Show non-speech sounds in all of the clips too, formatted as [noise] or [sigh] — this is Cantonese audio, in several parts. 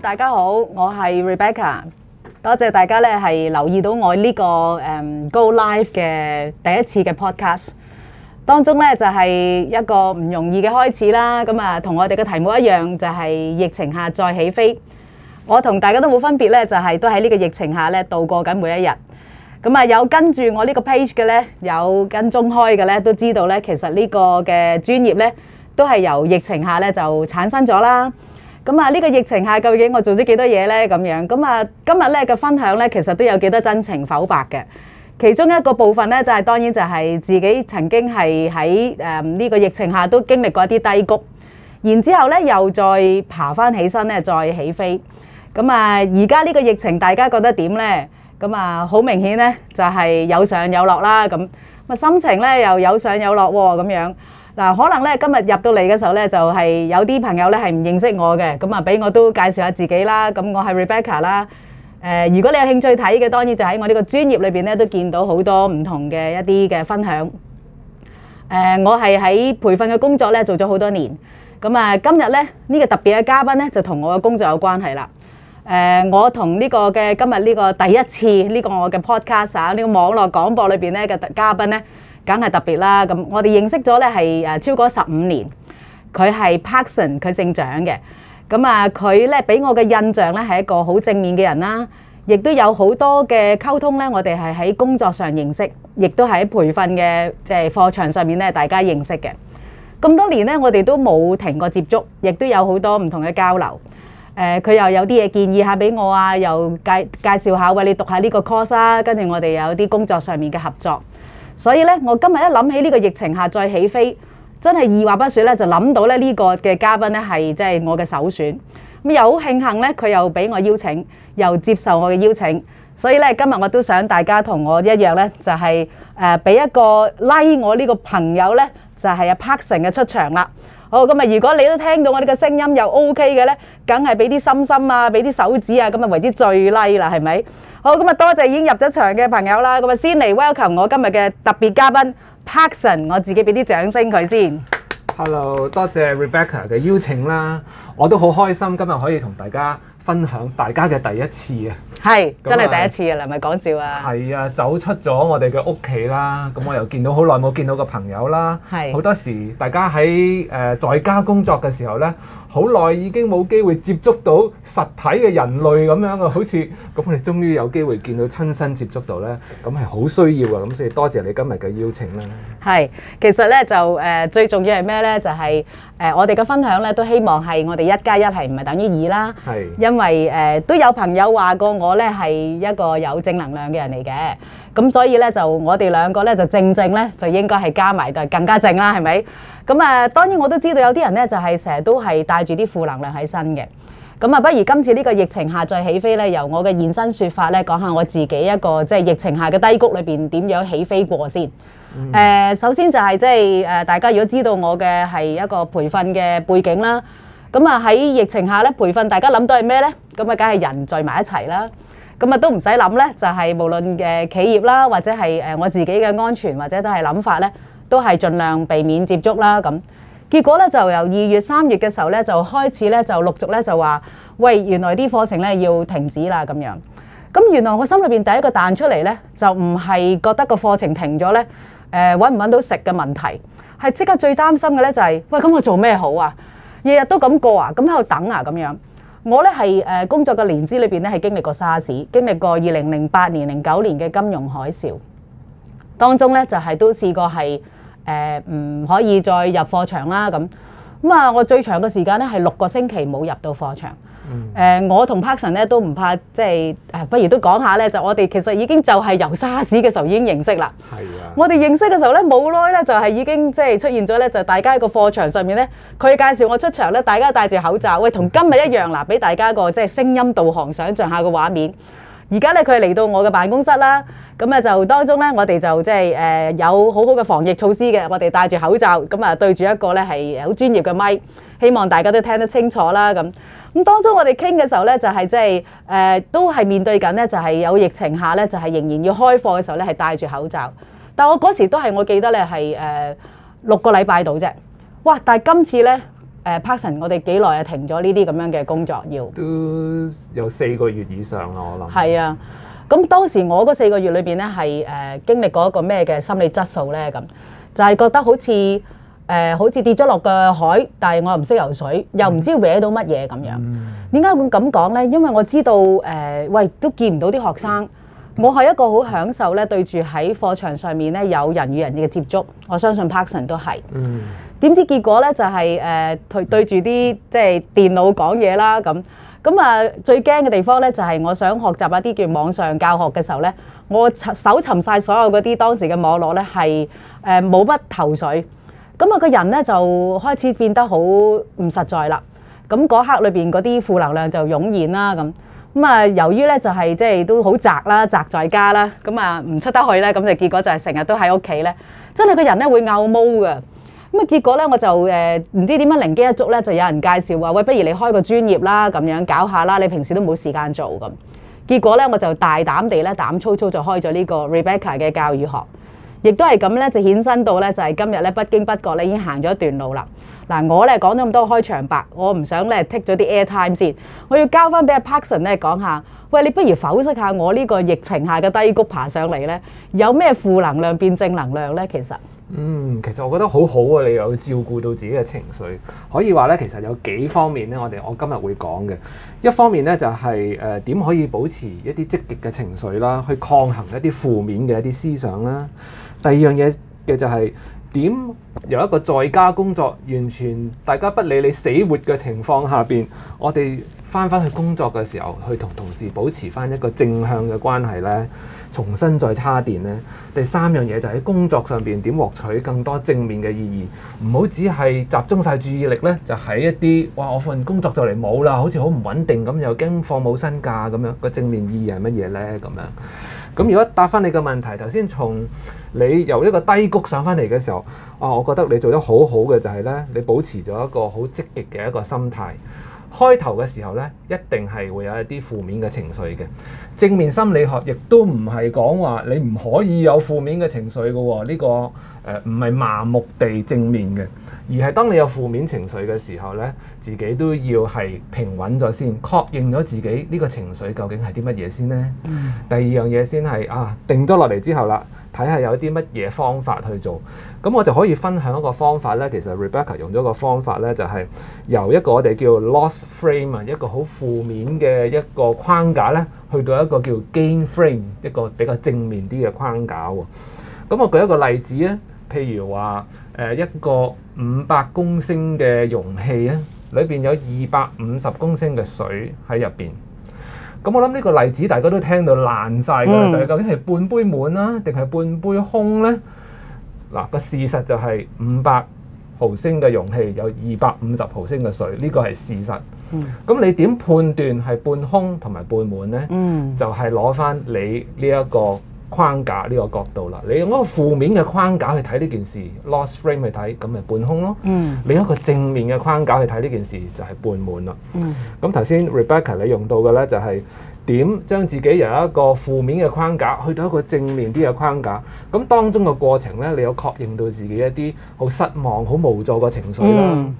大家好，我係 Rebecca，多謝大家咧係留意到我呢個誒 Go Live 嘅第一次嘅 Podcast 當中咧就係一個唔容易嘅開始啦。咁啊，同我哋嘅題目一樣，就係疫情下再起飛。我同大家都冇分別咧，就係都喺呢個疫情下咧度過緊每一日。咁啊，有跟住我呢個 page 嘅咧，有跟蹤開嘅咧，都知道咧，其實呢個嘅專業咧都係由疫情下咧就產生咗啦。咁啊，呢個疫情下究竟我做咗幾多嘢呢？咁樣咁啊，今日呢嘅分享呢，其實都有幾多真情剖白嘅。其中一個部分呢，就係當然就係自己曾經係喺誒呢個疫情下都經歷過一啲低谷，然之後呢又再爬翻起身呢，再起飛。咁啊，而家呢個疫情大家覺得點呢？咁啊，好明顯呢，就係有上有落啦。咁啊，心情呢又有上有落喎，咁樣。嗱，可能咧今日入到嚟嘅時候咧，就係有啲朋友咧係唔認識我嘅，咁啊俾我都介紹下自己啦。咁我係 Rebecca 啦。誒，如果你有興趣睇嘅，當然就喺我呢個專業裏邊咧，都見到好多唔同嘅一啲嘅分享。誒，我係喺培訓嘅工作咧做咗好多年。咁啊，今日咧呢個特別嘅嘉賓咧就同我嘅工作有關係啦。誒，我同呢個嘅今日呢個第一次呢個我嘅 podcast 呢個網絡廣播裏邊咧嘅嘉賓咧。梗係特別啦，咁我哋認識咗咧係誒超過十五年，佢係 Person，佢姓蔣嘅。咁啊，佢咧俾我嘅印象咧係一個好正面嘅人啦，亦都有好多嘅溝通咧。我哋係喺工作上認識，亦都喺培訓嘅即係課場上面咧大家認識嘅。咁多年咧，我哋都冇停過接觸，亦都有好多唔同嘅交流。誒，佢又有啲嘢建議下俾我啊，又介介紹下喂你讀下呢個 course 啦，跟住我哋有啲工作上面嘅合作。所以咧，我今日一諗起呢個疫情下再起飛，真係二話不說咧，就諗到咧呢個嘅嘉賓咧係即係我嘅首選。咁又好慶幸咧，佢又俾我邀請，又接受我嘅邀請。所以咧，今日我都想大家同我一樣咧，就係誒俾一個拉、like、我呢個朋友咧，就係阿 Parkson 嘅出場啦。好咁啊！如果你都聽到我哋嘅聲音又 OK 嘅咧，梗係俾啲心心啊，俾啲手指啊，咁啊為之最叻啦，係咪？好咁啊，多謝已經入咗場嘅朋友啦。咁啊，先嚟 welcome 我今日嘅特別嘉賓 Parkson，我自己俾啲掌聲佢先。Hello，多謝 Rebecca 嘅邀請啦，我都好開心今日可以同大家分享大家嘅第一次啊！係，真係第一次啊！嗱，係咪講笑啊？係啊，走出咗我哋嘅屋企啦，咁我又見到好耐冇見到個朋友啦，好多時大家喺誒在家工作嘅時候咧，好耐已經冇機會接觸到實體嘅人類咁樣嘅，好似咁我哋終於有機會見到親身接觸到咧，咁係好需要啊！咁所以多謝你今日嘅邀請啦。係，其實咧就誒最重要係咩咧？就係誒我哋嘅分享咧，都希望係我哋一加一係唔係等於二啦。係，因為誒都有朋友話過我。我咧係一個有正能量嘅人嚟嘅，咁所以咧就我哋兩個咧就正正咧就應該係加埋就更加正啦，係咪？咁啊，當然我都知道有啲人咧就係成日都係帶住啲負能量喺身嘅，咁啊不如今次呢個疫情下再起飛咧，由我嘅現身說法咧講下我自己一個即係、就是、疫情下嘅低谷裏邊點樣起飛過先。誒、mm-hmm. 呃，首先就係即係誒，大家如果知道我嘅係一個培訓嘅背景啦。咁啊喺疫情下咧，培訓大家諗都係咩咧？咁啊，梗係人聚埋一齊啦。咁啊，都唔使諗咧，就係無論誒企業啦，或者係誒我自己嘅安全，或者都係諗法咧，都係盡量避免接觸啦。咁結果咧，就由二月三月嘅時候咧，就開始咧，就陸續咧就話：喂，原來啲課程咧要停止啦。咁樣，咁原來我心裏邊第一個彈出嚟咧，就唔係覺得個課程停咗咧，誒揾唔揾到食嘅問題，係即刻最擔心嘅咧就係：喂，咁我做咩好啊？日日都咁過啊，咁喺度等啊咁樣。我呢係誒工作嘅年資裏邊呢係經歷過沙士，r s 經歷過二零零八年、零九年嘅金融海嘯，當中呢，就係、係、都試過係誒唔可以再入貨場啦咁。咁啊，我最長嘅時間呢係六個星期冇入到貨場。誒、嗯呃，我同 Parkson 咧都唔怕，即係誒、啊，不如都講下咧。就我哋其實已經就係由沙士嘅時候已經認識啦。係啊，我哋認識嘅時候咧，冇耐咧就係、是、已經即係出現咗咧，就大家喺個課場上面咧，佢介紹我出場咧，大家戴住口罩。嗯、喂，同今日一樣嗱，俾大家個即係聲音導航，想像下個畫面。而家咧佢係嚟到我嘅辦公室啦，咁啊就當中咧，我哋就即係誒有好好嘅防疫措施嘅，我哋戴住口罩，咁啊對住一個咧係好專業嘅咪，希望大家都聽得清楚啦。咁咁當中我哋傾嘅時候咧、就係，就係即係誒都係面對緊咧，就係有疫情下咧，就係仍然要開課嘅時候咧，係戴住口罩。但我嗰時都係我記得咧係誒六個禮拜到啫，哇！但係今次咧。誒 Parkson，我哋幾耐啊停咗呢啲咁樣嘅工作？要都有四個月以上啦，我諗係啊。咁當時我嗰四個月裏邊咧，係誒經歷過一個咩嘅心理質素咧？咁就係覺得好似誒好似跌咗落個海，但係我又唔識游水，又唔知搲到乜嘢咁樣。點解會咁講咧？因為我知道誒，喂都見唔到啲學生。我係一個好享受咧，對住喺課場上面咧，有人與人嘅接觸。我相信 Parkson 都係嗯。點知結果咧就係、是、誒對對住啲即係電腦講嘢啦咁咁啊！最驚嘅地方咧就係、是、我想學習一啲叫網上教學嘅時候咧，我搜尋晒所有嗰啲當時嘅網絡咧，係誒冇乜頭緒咁啊！個人咧就開始變得好唔實在啦。咁嗰刻裏邊嗰啲負能量就湧現啦咁咁啊！由於咧就係、是、即係都好宅啦，宅在家啦咁啊，唔出得去咧，咁就結果就係成日都喺屋企咧，真係個人咧會拗毛㗎。咁啊，結果咧我就誒唔知點樣靈機一觸咧，就有人介紹話：喂，不如你開個專業啦，咁樣搞下啦。你平時都冇時間做咁。結果咧，我就大膽地咧，膽粗粗就開咗呢個 Rebecca 嘅教育學，亦都係咁咧，就衍生到咧，就係今日咧，不經不覺咧，已經行咗一段路啦。嗱，我咧講咗咁多開場白，我唔想咧剔咗啲 air time 先，我要交翻俾阿 Parkson 咧講下：喂，你不如剖析下我呢個疫情下嘅低谷爬上嚟咧，有咩負能量變正能量咧？其實。嗯，其實我覺得好好啊，你又要照顧到自己嘅情緒，可以話咧，其實有幾方面咧，我哋我今日會講嘅，一方面咧就係誒點可以保持一啲積極嘅情緒啦，去抗衡一啲負面嘅一啲思想啦。第二樣嘢嘅就係點由一個在家工作，完全大家不理你死活嘅情況下邊，我哋，翻翻去工作嘅時候，去同同事保持翻一個正向嘅關係呢，重新再插電呢。第三樣嘢就喺工作上邊點獲取更多正面嘅意義，唔好只係集中晒注意力呢，就喺、是、一啲哇我份工作就嚟冇啦，好似好唔穩定咁，又驚放冇薪假咁樣。個正面意義係乜嘢呢？咁樣咁如果答翻你個問題，頭先從你由一個低谷上翻嚟嘅時候，啊，我覺得你做得好好嘅就係呢：你保持咗一個好積極嘅一個心態。開頭嘅時候呢，一定係會有一啲負面嘅情緒嘅。正面心理學亦都唔係講話你唔可以有負面嘅情緒嘅，呢個誒唔係麻木地正面嘅，而係當你有負面情緒嘅時候呢，自己都要係平穩咗先，確認咗自己呢個情緒究竟係啲乜嘢先呢。嗯、第二樣嘢先係啊，定咗落嚟之後啦。睇下有啲乜嘢方法去做，咁我就可以分享一個方法咧。其實 Rebecca 用咗個方法咧，就係由一個我哋叫 loss frame 啊，一個好負面嘅一個框架咧，去到一個叫 gain frame，一個比較正面啲嘅框架喎。咁我舉一個例子，譬如話誒一個五百公升嘅容器啊，裏邊有二百五十公升嘅水喺入邊。咁我諗呢個例子大家都聽到爛晒㗎喇，就係、是、究竟係半杯滿啦、啊，定係半杯空咧？嗱，個事實就係五百毫升嘅容器有二百五十毫升嘅水，呢、這個係事實。咁你點判斷係半空同埋半滿咧？就係攞翻你呢、這、一個框架呢個角度啦，你用一個負面嘅框架去睇呢件事，loss frame 去睇，咁咪半空咯。嗯。另一個正面嘅框架去睇呢件事就係半滿啦。嗯。咁頭先 Rebecca 你用到嘅咧就係點將自己由一個負面嘅框架去到一個正面啲嘅框架，咁當中個過程咧，你有確認到自己一啲好失望、好無助嘅情緒啦。嗯。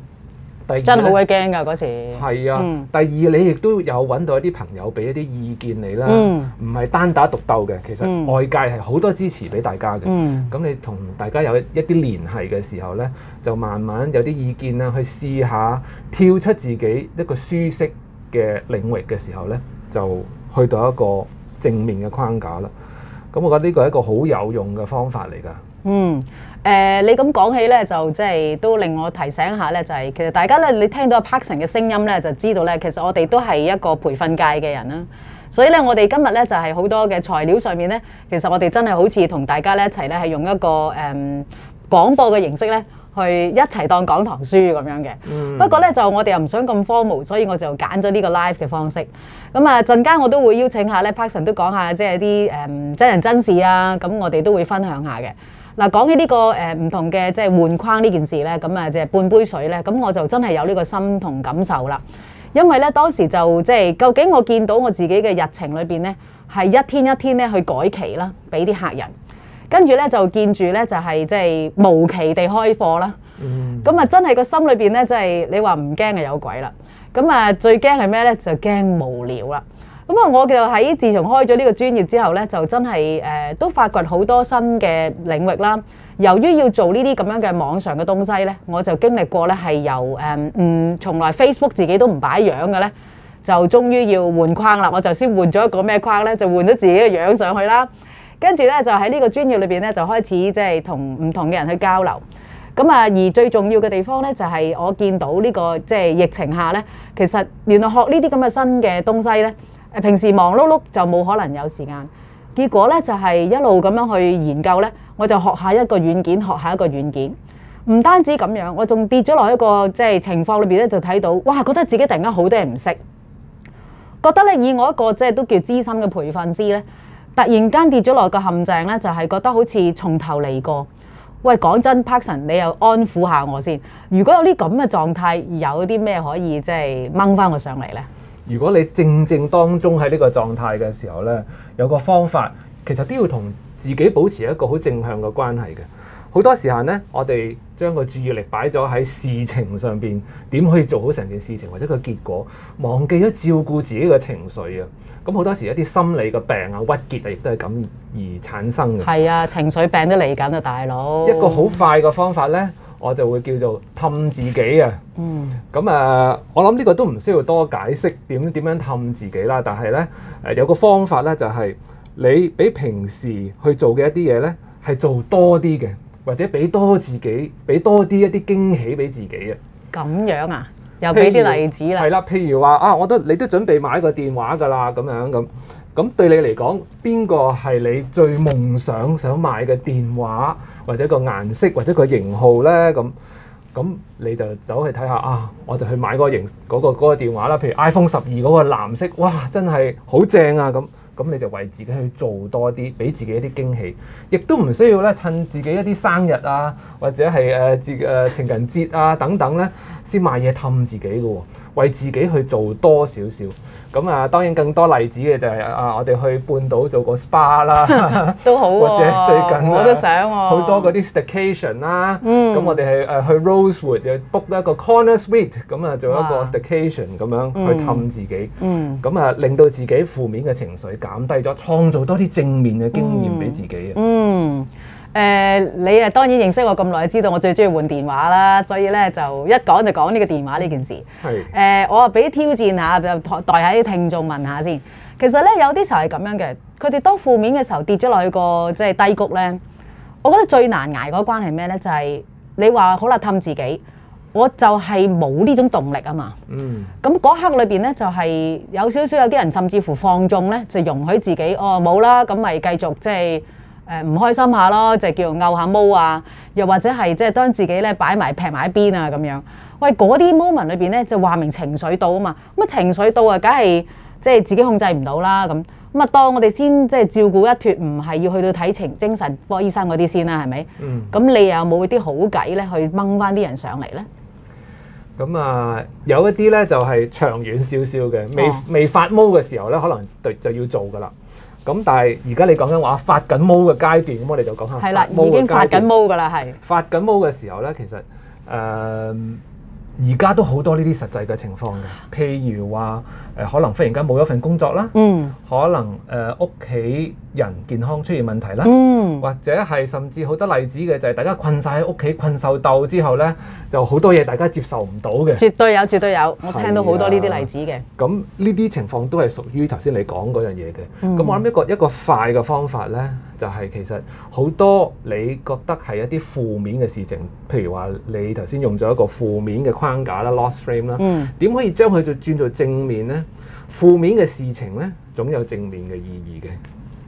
真係好鬼驚㗎嗰時。係啊、嗯，第二你亦都有揾到一啲朋友俾一啲意見你啦，唔、嗯、係單打獨鬥嘅。其實外界係好多支持俾大家嘅。咁、嗯、你同大家有一啲聯繫嘅時候咧，就慢慢有啲意見啊，去試下跳出自己一個舒適嘅領域嘅時候咧，就去到一個正面嘅框架啦。咁我覺得呢個係一個好有用嘅方法嚟㗎。嗯。誒、呃，你咁講起咧，就即係都令我提醒一下咧，就係、是、其實大家咧，你聽到 Patrick 嘅聲音咧，就知道咧，其實我哋都係一個培訓界嘅人啦。所以咧，我哋今日咧就係、是、好多嘅材料上面咧，其實我哋真係好似同大家咧一齊咧，係用一個誒、嗯、廣播嘅形式咧，去一齊當講堂書咁樣嘅、嗯。不過咧，就我哋又唔想咁荒謬，所以我就揀咗呢個 live 嘅方式。咁、嗯、啊，陣間我都會邀請一下咧，Patrick 都講下即係啲誒真人真事啊，咁我哋都會分享一下嘅。嗱，講起呢個誒唔同嘅即係換框呢件事咧，咁啊即係半杯水咧，咁我就真係有呢個心同感受啦。因為咧當時就即係究竟我見到我自己嘅日程裏邊咧，係一天一天咧去改期啦，俾啲客人。跟住咧就見住咧就係即係無期地開課啦。咁啊真係個心裏邊咧真係你話唔驚就有鬼啦。咁啊最驚係咩咧？就驚無聊啦。咁啊，我就喺自從開咗呢個專業之後呢，就真係誒都發掘好多新嘅領域啦。由於要做呢啲咁樣嘅網上嘅東西呢，我就經歷過呢係由誒唔從來 Facebook 自己都唔擺樣嘅呢，就終於要換框啦。我就先換咗一個咩框呢，就換咗自己嘅樣上去啦。跟住呢就喺呢個專業裏邊呢就開始即係同唔同嘅人去交流。咁啊，而最重要嘅地方呢就係我見到呢個即係疫情下呢，其實原來學呢啲咁嘅新嘅東西呢。平時忙碌碌就冇可能有時間，結果呢，就係一路咁樣去研究呢，我就學下一個軟件，學下一個軟件。唔單止咁樣，我仲跌咗落一個即係情況裏面，咧，就睇到，哇！覺得自己突然間好多嘢唔識，覺得呢，以我一個即係都叫資深嘅培訓師呢，突然間跌咗落個陷阱呢，就係覺得好似從頭嚟過。喂，講真，Patrick，你又安撫下我先。如果有啲咁嘅狀態，有啲咩可以即係掹翻我上嚟呢？如果你正正當中喺呢個狀態嘅時候呢，有個方法，其實都要同自己保持一個好正向嘅關係嘅。好多時候呢，我哋將個注意力擺咗喺事情上邊，點可以做好成件事情或者個結果，忘記咗照顧自己嘅情緒啊！咁好多時一啲心理嘅病啊、鬱結啊，亦都係咁而產生嘅。係啊，情緒病都嚟緊啊，大佬。一個好快嘅方法呢。我就會叫做氹自己啊！咁、嗯、誒、呃，我諗呢個都唔需要多解釋點點樣氹自己啦。但係咧、呃，有個方法咧，就係、是、你比平時去做嘅一啲嘢咧，係做多啲嘅，或者俾多自己，俾多啲一啲驚喜俾自己嘅。咁樣啊？又俾啲例子啦。係啦，譬如話啊，我都，你都準備買個電話㗎啦，咁樣咁。咁對你嚟講，邊個係你最夢想想買嘅電話？或者個顏色或者個型號咧，咁咁你就走去睇下啊，我就去買、嗰個型嗰、嗰個、嗰個電話啦。譬如 iPhone 十二嗰個藍色，哇，真係好正啊！咁咁你就為自己去做多啲，俾自己一啲驚喜，亦都唔需要咧趁自己一啲生日啊，或者係、呃、情人節啊等等咧，先買嘢氹自己噶喎。為自己去做多少少，咁啊當然更多例子嘅就係、是、啊我哋去半島做個 SPA 啦，都好、啊，或者最近好、啊啊、多嗰啲 Staycation 啦，咁、嗯、我哋去、啊、去 Rosewood book 一個 corner suite，咁啊做一個 Staycation 咁樣去氹自己，咁、嗯、啊令到自己負面嘅情緒減低咗，創造多啲正面嘅經驗俾自己啊。嗯嗯誒、呃，你誒當然認識我咁耐，知道我最中意換電話啦，所以咧就一講就講呢個電話呢件事。係、呃、我啊俾啲挑戰下，就代下啲聽眾問下先。其實咧有啲時候係咁樣嘅，佢哋當負面嘅時候跌咗落去、個即係、就是、低谷咧，我覺得最難捱嗰關係咩咧？就係、是、你話好啦，氹自己，我就係冇呢種動力啊嘛。嗯。咁嗰刻裏面咧就係、是、有少少有啲人甚至乎放縱咧，就容許自己哦冇啦，咁咪繼續即係。就是誒、呃、唔開心下咯，就叫拗下毛啊，又或者係即係當自己咧擺埋劈埋一邊啊咁樣。喂，嗰啲 moment 裏邊咧就話明情緒到啊嘛，咁、嗯、啊情緒到啊，梗係即係自己控制唔到啦咁。咁啊、嗯，當我哋先即係、就是、照顧一脱，唔係要去到睇情精神科醫生嗰啲先啦，係咪？嗯。咁你有冇啲好計咧去掹翻啲人上嚟咧？咁、嗯、啊、呃，有一啲咧就係、是、長遠少少嘅，未、哦、未發毛嘅時候咧，可能就就要做噶啦。咁但係而家你講緊話發緊毛嘅階段，咁我哋就講下發毛嘅階段。係啦，已經發緊毛噶啦，係。發緊毛嘅時候咧，其實誒而家都好多呢啲實際嘅情況嘅，譬如話誒、呃、可能忽然間冇咗份工作啦，嗯，可能誒屋企。呃人健康出現問題啦、嗯，或者係甚至好多例子嘅，就係、是、大家困晒喺屋企困獸鬥之後呢，就好多嘢大家接受唔到嘅。絕對有，絕對有，我聽到好多呢啲例子嘅。咁呢啲情況都係屬於頭先你講嗰樣嘢嘅。咁、嗯、我諗一個一個快嘅方法呢，就係、是、其實好多你覺得係一啲負面嘅事情，譬如話你頭先用咗一個負面嘅框架啦，loss frame 啦、嗯，點可以將佢就轉做正面呢？負面嘅事情呢，總有正面嘅意義嘅。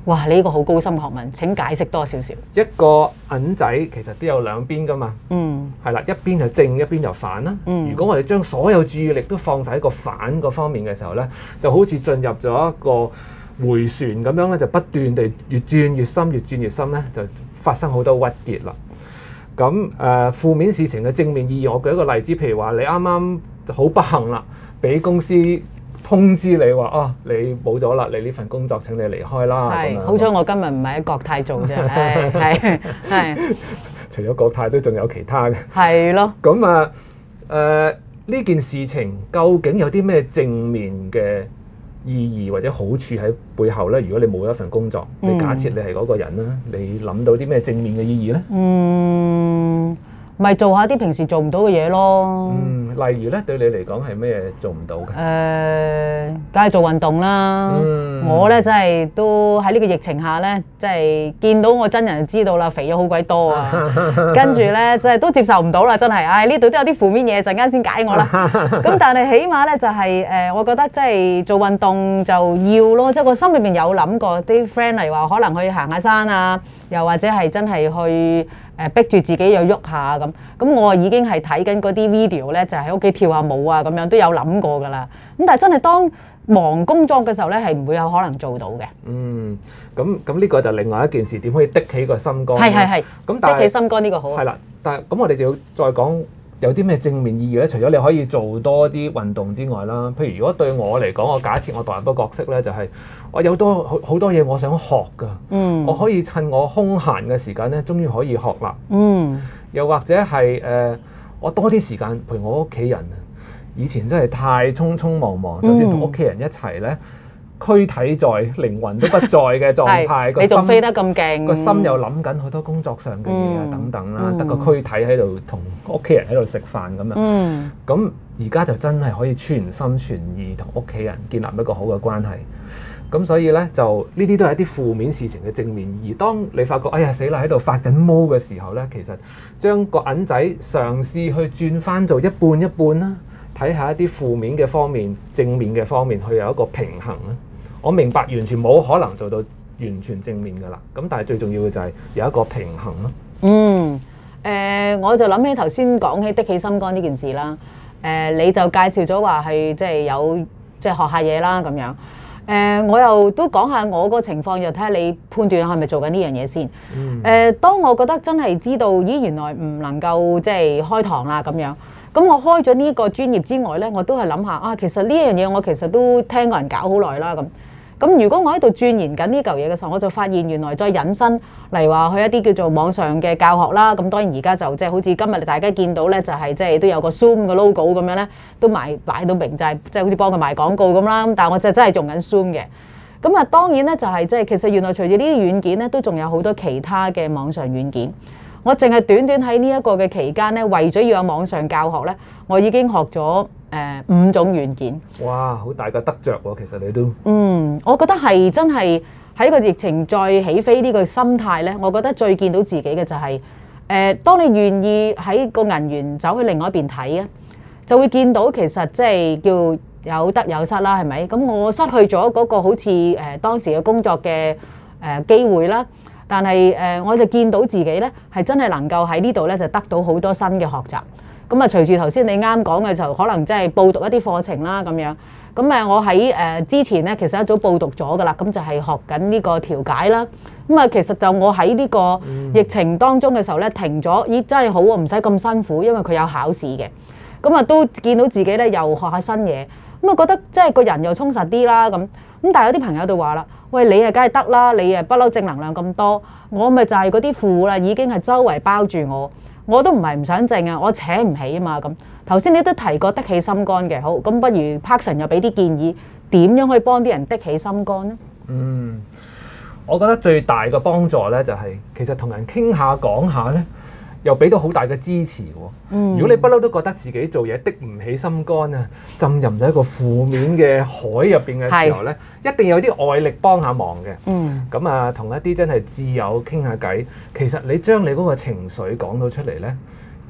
哇！你呢個好高深學問，請解釋多少少。一個銀仔其實都有兩邊噶嘛，嗯，係啦，一邊係正，一邊就反啦、啊。嗯，如果我哋將所有注意力都放晒喺個反嗰方面嘅時候咧，就好似進入咗一個迴旋咁樣咧，就不斷地越轉越深，越轉越深咧，就發生好多鬱結啦。咁、呃、負面事情嘅正面意義，我舉一個例子，譬如話你啱啱好不幸啦，俾公司，通知你話啊，你冇咗啦，你呢份工作請你離開啦。係，好彩我今日唔係喺國泰做啫。係 [laughs] 係，除咗國泰都仲有其他嘅。係咯。咁啊，誒、呃、呢件事情究竟有啲咩正面嘅意義或者好處喺背後咧？如果你冇一份工作，嗯、你假設你係嗰個人啦，你諗到啲咩正面嘅意義咧？嗯，咪做下啲平時做唔到嘅嘢咯。嗯例如咧對你嚟講係咩做唔到嘅？誒，梗係做運動啦。我咧真係都喺呢個疫情下咧，真係見到我真人就知道啦，肥咗好鬼多啊！跟住咧真係都接受唔到啦，真係。唉，呢度都有啲負面嘢，陣間先解我啦。咁但係起碼咧就係誒，我覺得即係做運動就要咯，即係我心裏面有諗過啲 friend 嚟話可能去行下山啊，又或者係真係去誒逼住自己又喐下咁。咁我已經係睇緊嗰啲 video 咧就係。喺屋企跳下舞啊，咁樣都有諗過噶啦。咁但係真係當忙工作嘅時候咧，係唔會有可能做到嘅。嗯，咁咁呢個就另外一件事，點可以的起個心肝？係係係。咁但係的起心肝呢個好、啊。係啦，但係咁我哋就要再講有啲咩正面意義咧？除咗你可以做多啲運動之外啦，譬如如果對我嚟講，我假設我代入個角色咧，就係、是、我有多好好多嘢我想學噶。嗯。我可以趁我空閒嘅時間咧，終於可以學啦。嗯。又或者係誒，呃我多啲時間陪我屋企人，以前真係太匆匆忙忙，嗯、就算同屋企人一齊呢軀體在，靈魂都不在嘅狀態。 [laughs] 你仲飛得咁勁，個心又諗緊好多工作上嘅嘢啊等等啦，得、嗯、個軀體喺度同屋企人喺度食飯咁、嗯、樣。咁而家就真係可以全心全意同屋企人建立一個好嘅關係。咁所以咧，就呢啲都係一啲負面事情嘅正面。而當你發覺哎呀死啦喺度發緊毛嘅時候咧，其實將個銀仔嘗試去轉翻做一半一半啦，睇下一啲負面嘅方面、正面嘅方面，去有一個平衡啦。我明白完全冇可能做到完全正面㗎啦。咁但係最重要嘅就係有一個平衡咯。嗯，誒、呃，我就諗起頭先講起啲起心肝呢件事啦。誒、呃，你就介紹咗話係即係有即係學下嘢啦咁樣。呃、我又都講下我個情況，又睇下你判斷係咪做緊呢樣嘢先。誒、呃，當我覺得真係知道，咦，原來唔能夠即係開堂啦咁樣。咁我開咗呢個專業之外呢，我都係諗下啊，其實呢樣嘢我其實都聽過人搞好耐啦咁。咁如果我喺度鑽研緊呢嚿嘢嘅時候，我就發現原來再引申，例如話去一啲叫做網上嘅教學啦。咁當然而家就即係好似今日大家見到咧，就係即係都有個 Zoom 嘅 logo 咁樣咧，都買擺到明，即係、即係、好似幫佢賣廣告咁啦。咁但係我就真係做緊 Zoom 嘅。咁啊，當然咧就係即係其實原來隨住呢啲軟件咧，都仲有好多其他嘅網上軟件。我淨係短短喺呢一個嘅期間咧，為咗要有網上教學咧，我已經學咗。誒五種軟件，哇！好大個得著喎，其實你都嗯，我覺得係真係喺個疫情再起飛呢個心態呢，我覺得最見到自己嘅就係誒，當你願意喺個銀元走去另外一邊睇啊，就會見到其實即係叫有得有失啦，係咪？咁我失去咗嗰個好似誒當時嘅工作嘅誒機會啦，但係誒我就見到自己呢係真係能夠喺呢度呢就得到好多新嘅學習。咁啊，隨住頭先你啱講嘅時候，可能真係報讀一啲課程啦，咁樣。咁啊，我喺誒之前咧，其實一早報讀咗㗎喇，咁就係學緊呢個調解啦。咁啊，其實就我喺呢個疫情當中嘅時候咧，停咗，咦，真係好啊，唔使咁辛苦，因為佢有考試嘅。咁啊，都見到自己咧又學下新嘢，咁啊覺得即係個人又充實啲啦咁。咁但係有啲朋友就話啦，喂，你啊梗係得啦，你啊不嬲正能量咁多，我咪就係嗰啲負啦，已經係周圍包住我。我都唔係唔想掙啊，我請唔起啊嘛咁。頭先你都提過得起心肝嘅，好咁不如 Patrick 又俾啲建議，點樣可以幫啲人得起心肝呢？嗯，我覺得最大嘅幫助，就係，聊聊聊呢，就係其實同人傾下講下呢。又俾到好大嘅支持喎。如果你不嬲都覺得自己做嘢的唔起心肝啊，浸入咗一個負面嘅海入面嘅時候咧，一定有啲外力幫下忙嘅。咁啊，同一啲真係摯友傾下偈。其實你將你嗰個情緒講到出嚟咧。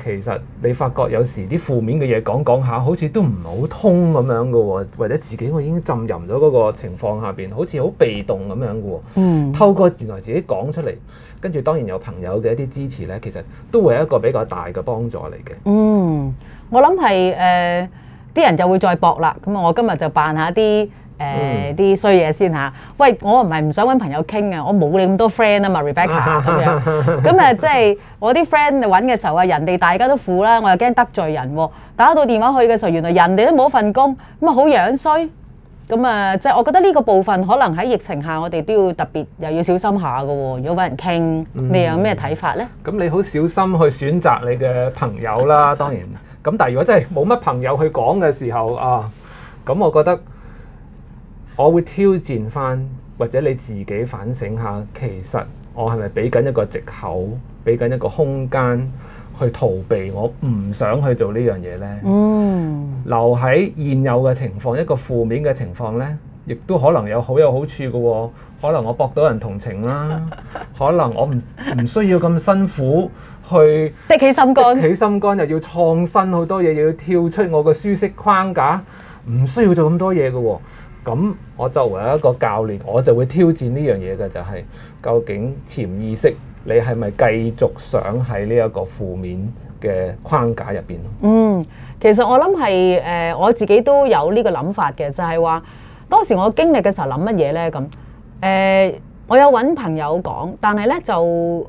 其實你發覺有時啲負面嘅嘢講講下，好似都唔係好通咁樣嘅喎、哦，或者自己我已經浸淫咗嗰個情況下邊，好似好被動咁樣嘅喎、哦。嗯。透過原來自己講出嚟，跟住當然有朋友嘅一啲支持咧，其實都會有一個比較大嘅幫助嚟嘅。嗯，我諗係誒啲人就會再博啦。咁啊，我今日就扮下啲。誒啲衰嘢先吓！喂，我唔係唔想揾朋友傾啊，我冇你咁多 friend 啊嘛，Rebecca 咁樣。咁啊，即係我啲 friend 揾嘅時候啊，人哋大家都苦啦，我又驚得罪人喎。打到電話去嘅時候，原來人哋都冇份工，咁啊好樣衰。咁啊，即係我覺得呢個部分可能喺疫情下，我哋都要特別又要小心下㗎喎。如果揾人傾，你有咩睇法呢？咁你好小心去選擇你嘅朋友啦，當然。咁但係如果真係冇乜朋友去講嘅時候啊，咁我覺得。我會挑戰翻，或者你自己反省下，其實我係咪俾緊一個藉口，俾緊一個空間去逃避我唔想去做呢樣嘢呢？嗯，留喺現有嘅情況，一個負面嘅情況呢，亦都可能有好有好處嘅喎、哦。可能我博到人同情啦、啊， [laughs] 可能我唔唔需要咁辛苦去篤起 [laughs] 心肝，篤起 [laughs] 心肝又要創新好多嘢，又要跳出我嘅舒適框架，唔需要做咁多嘢嘅喎。咁我作為一個教練，我就會挑戰呢樣嘢嘅，就係究竟潛意識你係咪繼續想喺呢一個負面嘅框架入邊？嗯，其實我諗係誒我自己都有呢個諗法嘅，就係話當時我經歷嘅時候諗乜嘢呢？咁誒，我有揾朋友講，但係呢就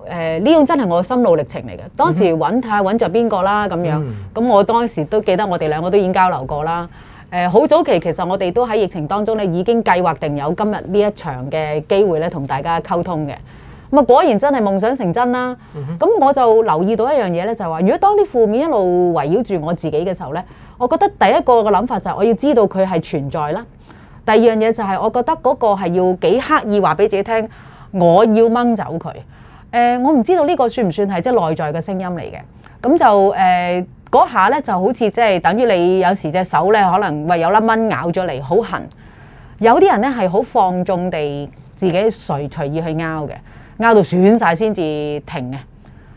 誒呢種真係我心路歷程嚟嘅。當時揾睇下揾著邊個啦咁樣，咁，嗯，我當時都記得我哋兩個都已經交流過啦。誒、呃、好早期其實我哋都喺疫情當中咧，已經計劃定有今日呢一場嘅機會咧，同大家溝通嘅。咁啊果然真係夢想成真啦！咁、嗯、我就留意到一樣嘢咧，就係話，如果當啲負面一路圍繞住我自己嘅時候咧，我覺得第一個嘅諗法就係我要知道佢係存在啦。第二樣嘢就係我覺得嗰個係要幾刻意話俾自己聽、呃，我要掹走佢。誒我唔知道呢個算唔算係即係內在嘅聲音嚟嘅？咁就誒。呃嗰下咧就好似即係等於你有時隻手咧，可能喂有粒蚊咬咗嚟，好痕。有啲人咧係好放縱地自己隨隨意去拗嘅，拗到損晒先至停嘅。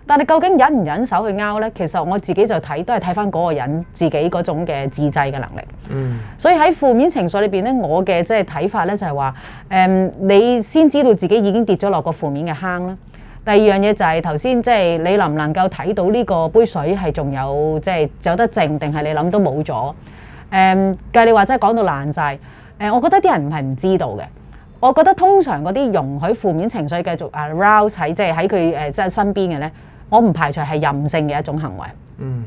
但係究竟忍唔忍手去拗呢？其實我自己就睇都係睇翻嗰個人自己嗰種嘅自制嘅能力。嗯。所以喺負面情緒裏邊呢，我嘅即係睇法呢，就係話，誒你先知道自己已經跌咗落個負面嘅坑啦。第二樣嘢就係頭先，即係你能唔能夠睇到呢個杯水係仲有，就是有有嗯、即係走得靜，定係你諗都冇咗？誒，計你話即係講到爛晒，誒，我覺得啲人唔係唔知道嘅。我覺得通常嗰啲容許負面情緒繼續啊 rouse 喺即係、就、喺、是、佢誒即係身邊嘅咧，我唔排除係任性嘅一種行為。嗯，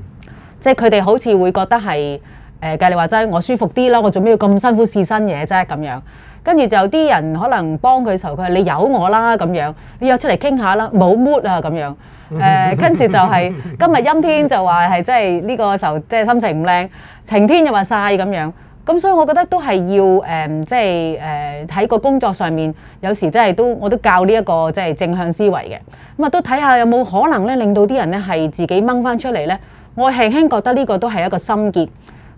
即係佢哋好似會覺得係誒，計你話齋，我舒服啲咯，我做咩要咁辛苦試新嘢啫咁樣。跟住就有啲人可能幫佢嘅時候，佢係你有我啦咁樣，你有出嚟傾下啦，冇 mood 啊咁樣。誒、呃，跟住就係、是、 [laughs] 今日陰天就話係即係呢個時候，即係心情唔靚。晴天又話晒，咁樣。咁所以我覺得都係要誒，即係誒睇個工作上面，有時真係都我都教呢一個即係正向思維嘅。咁啊，都睇下有冇可能咧，令到啲人咧係自己掹翻出嚟咧。我輕輕覺得呢個都係一個心結，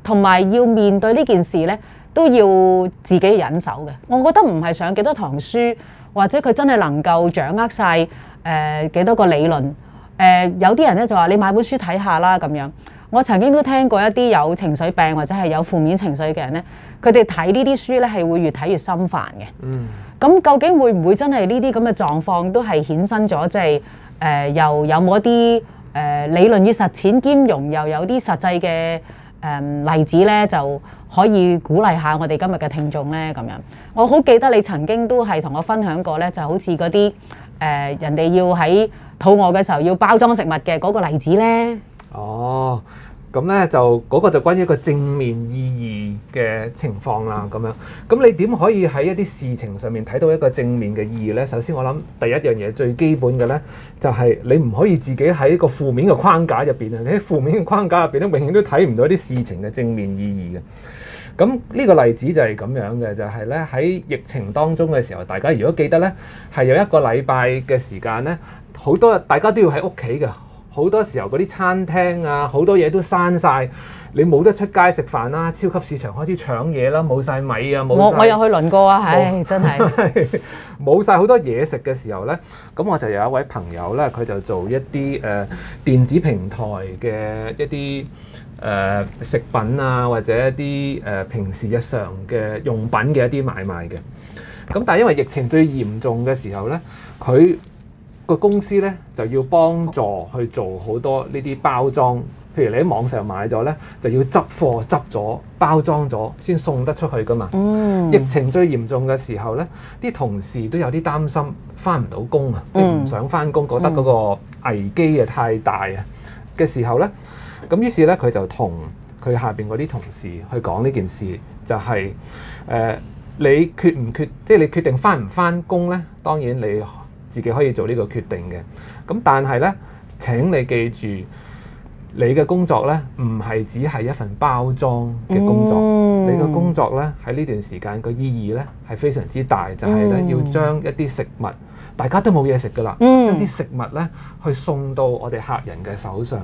同埋要面對呢件事咧。都要自己忍手嘅。我覺得唔係上幾多堂書，或者佢真係能夠掌握晒誒幾多個理論。誒、呃、有啲人咧就話你買一本書睇下啦咁樣。我曾經都聽過一啲有情緒病或者係有負面情緒嘅人咧，佢哋睇呢啲書咧係會越睇越心煩嘅。嗯。咁究竟會唔會真係呢啲咁嘅狀況都係衍生咗？即係誒又有冇一啲誒、呃、理論與實踐兼容，又有啲實際嘅？誒、嗯、例子呢，就可以鼓勵下我哋今日嘅聽眾呢。咁樣。我好記得你曾經都係同我分享過呢，就好似嗰啲誒人哋要喺肚餓嘅時候要包裝食物嘅嗰個例子呢。哦。咁咧就嗰個就關於一個正面意義嘅情況啦，咁樣。咁你點可以喺一啲事情上面睇到一個正面嘅意義咧？首先我諗第一樣嘢最基本嘅咧，就係你唔可以自己喺個負面嘅框架入邊啊！你喺負面嘅框架入邊咧，永遠都睇唔到一啲事情嘅正面意義嘅。咁呢個例子就係咁樣嘅，就係咧喺疫情當中嘅時候，大家如果記得咧，係有一個禮拜嘅時間咧，好多大家都要喺屋企嘅。好多時候嗰啲餐廳啊，好多嘢都閂晒，你冇得出街食飯啦、啊。超級市場開始搶嘢啦，冇晒米啊，冇。我我有去輪過啊，係，真係冇晒好多嘢食嘅時候咧，咁我就有一位朋友咧，佢就做一啲誒、呃、電子平台嘅一啲誒、呃、食品啊，或者一啲誒、呃、平時日常嘅用品嘅一啲買賣嘅。咁但係因為疫情最嚴重嘅時候咧，佢個公司咧就要幫助去做好多呢啲包裝，譬如你喺網上買咗咧，就要執貨執咗、包裝咗，先送得出去㗎嘛、嗯。疫情最嚴重嘅時候咧，啲同事都有啲擔心翻唔到工啊，即係唔想翻工，覺得嗰個危機啊太大啊嘅時候咧，咁於是咧佢就同佢下邊嗰啲同事去講呢件事，就係、是、誒、呃、你決唔決，即、就、係、是、你決定翻唔翻工咧？當然你。自己可以做呢個決定嘅，咁但係呢，請你記住，你嘅工作呢唔係只係一份包裝嘅工作，嗯、你嘅工作呢喺呢段時間個意義呢係非常之大，就係呢要將一啲食物，大家都冇嘢食噶啦，將啲食物呢去送到我哋客人嘅手上。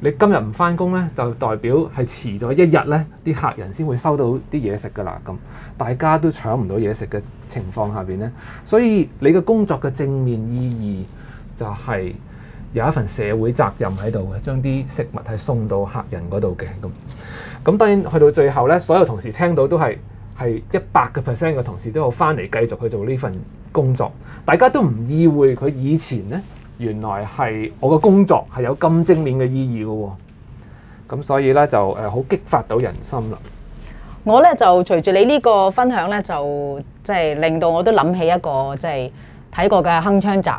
你今日唔翻工咧，就代表係遲咗一日咧，啲客人先會收到啲嘢食㗎喇咁。大家都搶唔到嘢食嘅情況下邊咧，所以你嘅工作嘅正面意義就係有一份社會責任喺度嘅，將啲食物係送到客人嗰度嘅咁。咁當然去到最後咧，所有同事聽到都係係一百個 percent 嘅同事都有翻嚟繼續去做呢份工作，大家都唔意會佢以前咧。原來係我個工作係有咁正面嘅意義嘅喎，咁所以咧就誒好激發到人心啦。我咧就隨住你呢個分享咧，就即係令到我都諗起一個即係睇過嘅《鏗鏘集》。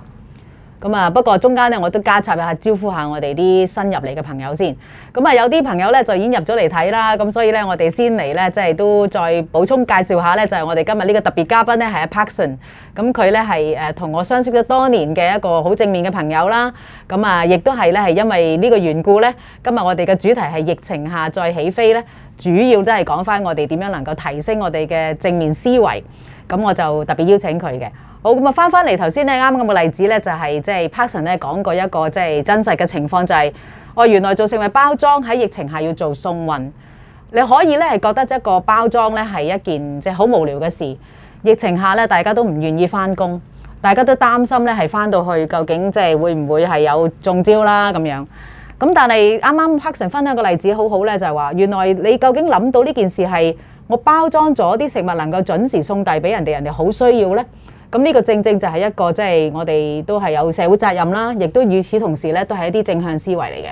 咁啊，不過中間咧，我都加插一下招呼下我哋啲新入嚟嘅朋友先。咁啊，有啲朋友咧就已經入咗嚟睇啦，咁所以咧，我哋先嚟咧，即係都再補充介紹下咧，就係、是、我哋今日呢個特別嘉賓咧，係阿 Parkson。咁佢咧係誒同我相識咗多年嘅一個好正面嘅朋友啦。咁啊，亦都係咧係因為這個緣呢個緣故咧，今日我哋嘅主題係疫情下再起飛咧，主要都係講返我哋點樣能夠提升我哋嘅正面思維。咁我就特別邀請佢嘅。好咁啊！翻翻嚟頭先咧，啱啱個例子咧，就係即係 Parkson 咧講過一個即係真實嘅情況，就係我原來做食物包裝喺疫情下要做送運，你可以咧係覺得一個包裝咧係一件即係好無聊嘅事。疫情下咧，大家都唔願意翻工，大家都擔心咧係翻到去究竟即係會唔會係有中招啦咁樣。咁但係啱啱 Parkson 分享個例子好好咧，就係話原來你究竟諗到呢件事係我包裝咗啲食物能夠準時送遞俾人哋，人哋好需要咧。咁、這、呢個正正就係一個即係、就是、我哋都係有社會責任啦，亦都與此同時咧，都係一啲正向思維嚟嘅。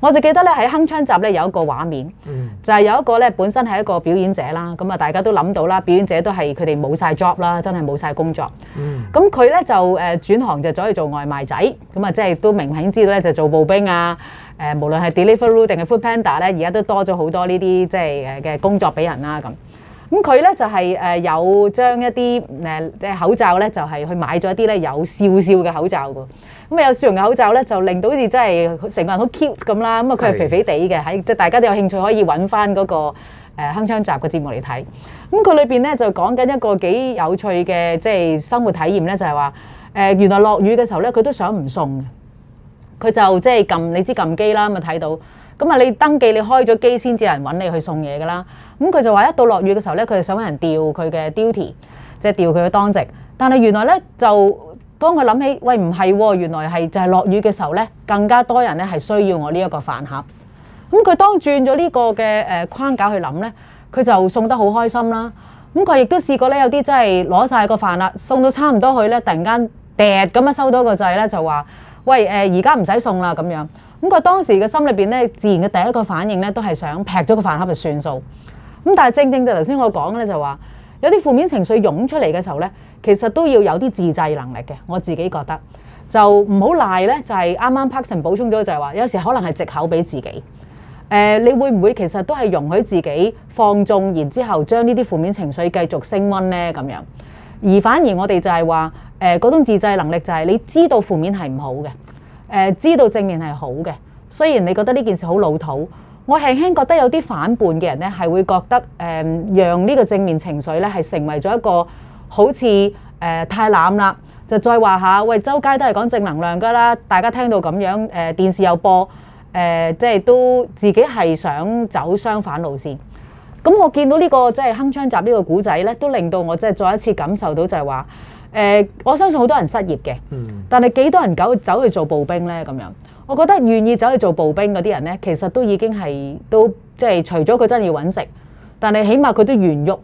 我就記得咧喺《在鏗鏘集呢》咧有一個畫面，就係、是、有一個咧本身係一個表演者啦，咁啊大家都諗到啦，表演者都係佢哋冇晒 job 啦，真係冇晒工作。咁佢咧就誒轉、呃、行就走去做外賣仔，咁啊即係都明顯知道咧就做步兵啊，誒、呃、無論係 Deliveroo 定係 Foodpanda 咧，而家都多咗好多呢啲即係誒嘅工作俾人啦、啊、咁。咁佢咧就係誒有將一啲誒即係口罩咧，就係去買咗一啲咧有笑笑嘅口罩噶。咁啊有笑容嘅口罩咧，就令到好似真係成個人好 cute 咁啦。咁啊佢係肥肥地嘅，喺即係大家都有興趣可以揾翻嗰個誒《鏗鏘集》嘅節目嚟睇。咁佢裏邊咧就講緊一個幾有趣嘅即係生活體驗咧，就係話誒原來落雨嘅時候咧，佢都想唔送。佢就即係撳你知撳機啦，咁啊睇到。咁啊！你登記你開咗機先至有人揾你去送嘢㗎啦。咁佢就話一到落雨嘅時候呢，佢就想揾人調佢嘅 duty，即係調佢嘅當值。但係原來呢，就當佢諗起，喂唔係、哦，原來係就係落雨嘅時候呢，更加多人呢係需要我呢一個飯盒。咁佢當轉咗呢個嘅誒框架去諗呢，佢就送得好開心啦。咁佢亦都試過呢，有啲真係攞晒個飯啦，送到差唔多去呢，突然間叮咁樣收到個掣呢，就話喂誒，而家唔使送啦咁樣。咁、那、佢、個、當時嘅心裏邊咧，自然嘅第一個反應咧，都係想劈咗個飯盒就算數。咁但係正正就頭先我講咧，就話有啲負面情緒湧出嚟嘅時候咧，其實都要有啲自制能力嘅。我自己覺得就唔好賴咧，就係啱啱 Patrick 補充咗就係話，有時可能係藉口俾自己。誒、呃，你會唔會其實都係容許自己放縱，然之後將呢啲負面情緒繼續升溫咧咁樣？而反而我哋就係話，誒、呃、嗰種自制能力就係你知道負面係唔好嘅。知道正面係好嘅，雖然你覺得呢件事好老土，我輕輕覺得有啲反叛嘅人咧，係會覺得誒、嗯，讓呢個正面情緒咧，係成為咗一個好似誒、呃、太濫啦，就再話下，喂，周街都係講正能量㗎啦，大家聽到咁樣誒、呃，電視有播誒，即、呃、係、就是、都自己係想走相反路線。咁我見到、這個就是、這個呢個即係《鏗鏘集》呢個古仔呢都令到我即係再一次感受到就係話。誒、呃，我相信好多人失業嘅，但係幾多人走走去做步兵咧？咁樣，我覺得願意走去做步兵嗰啲人咧，其實都已經係都即係除咗佢真係要揾食，但係起碼佢都願喐。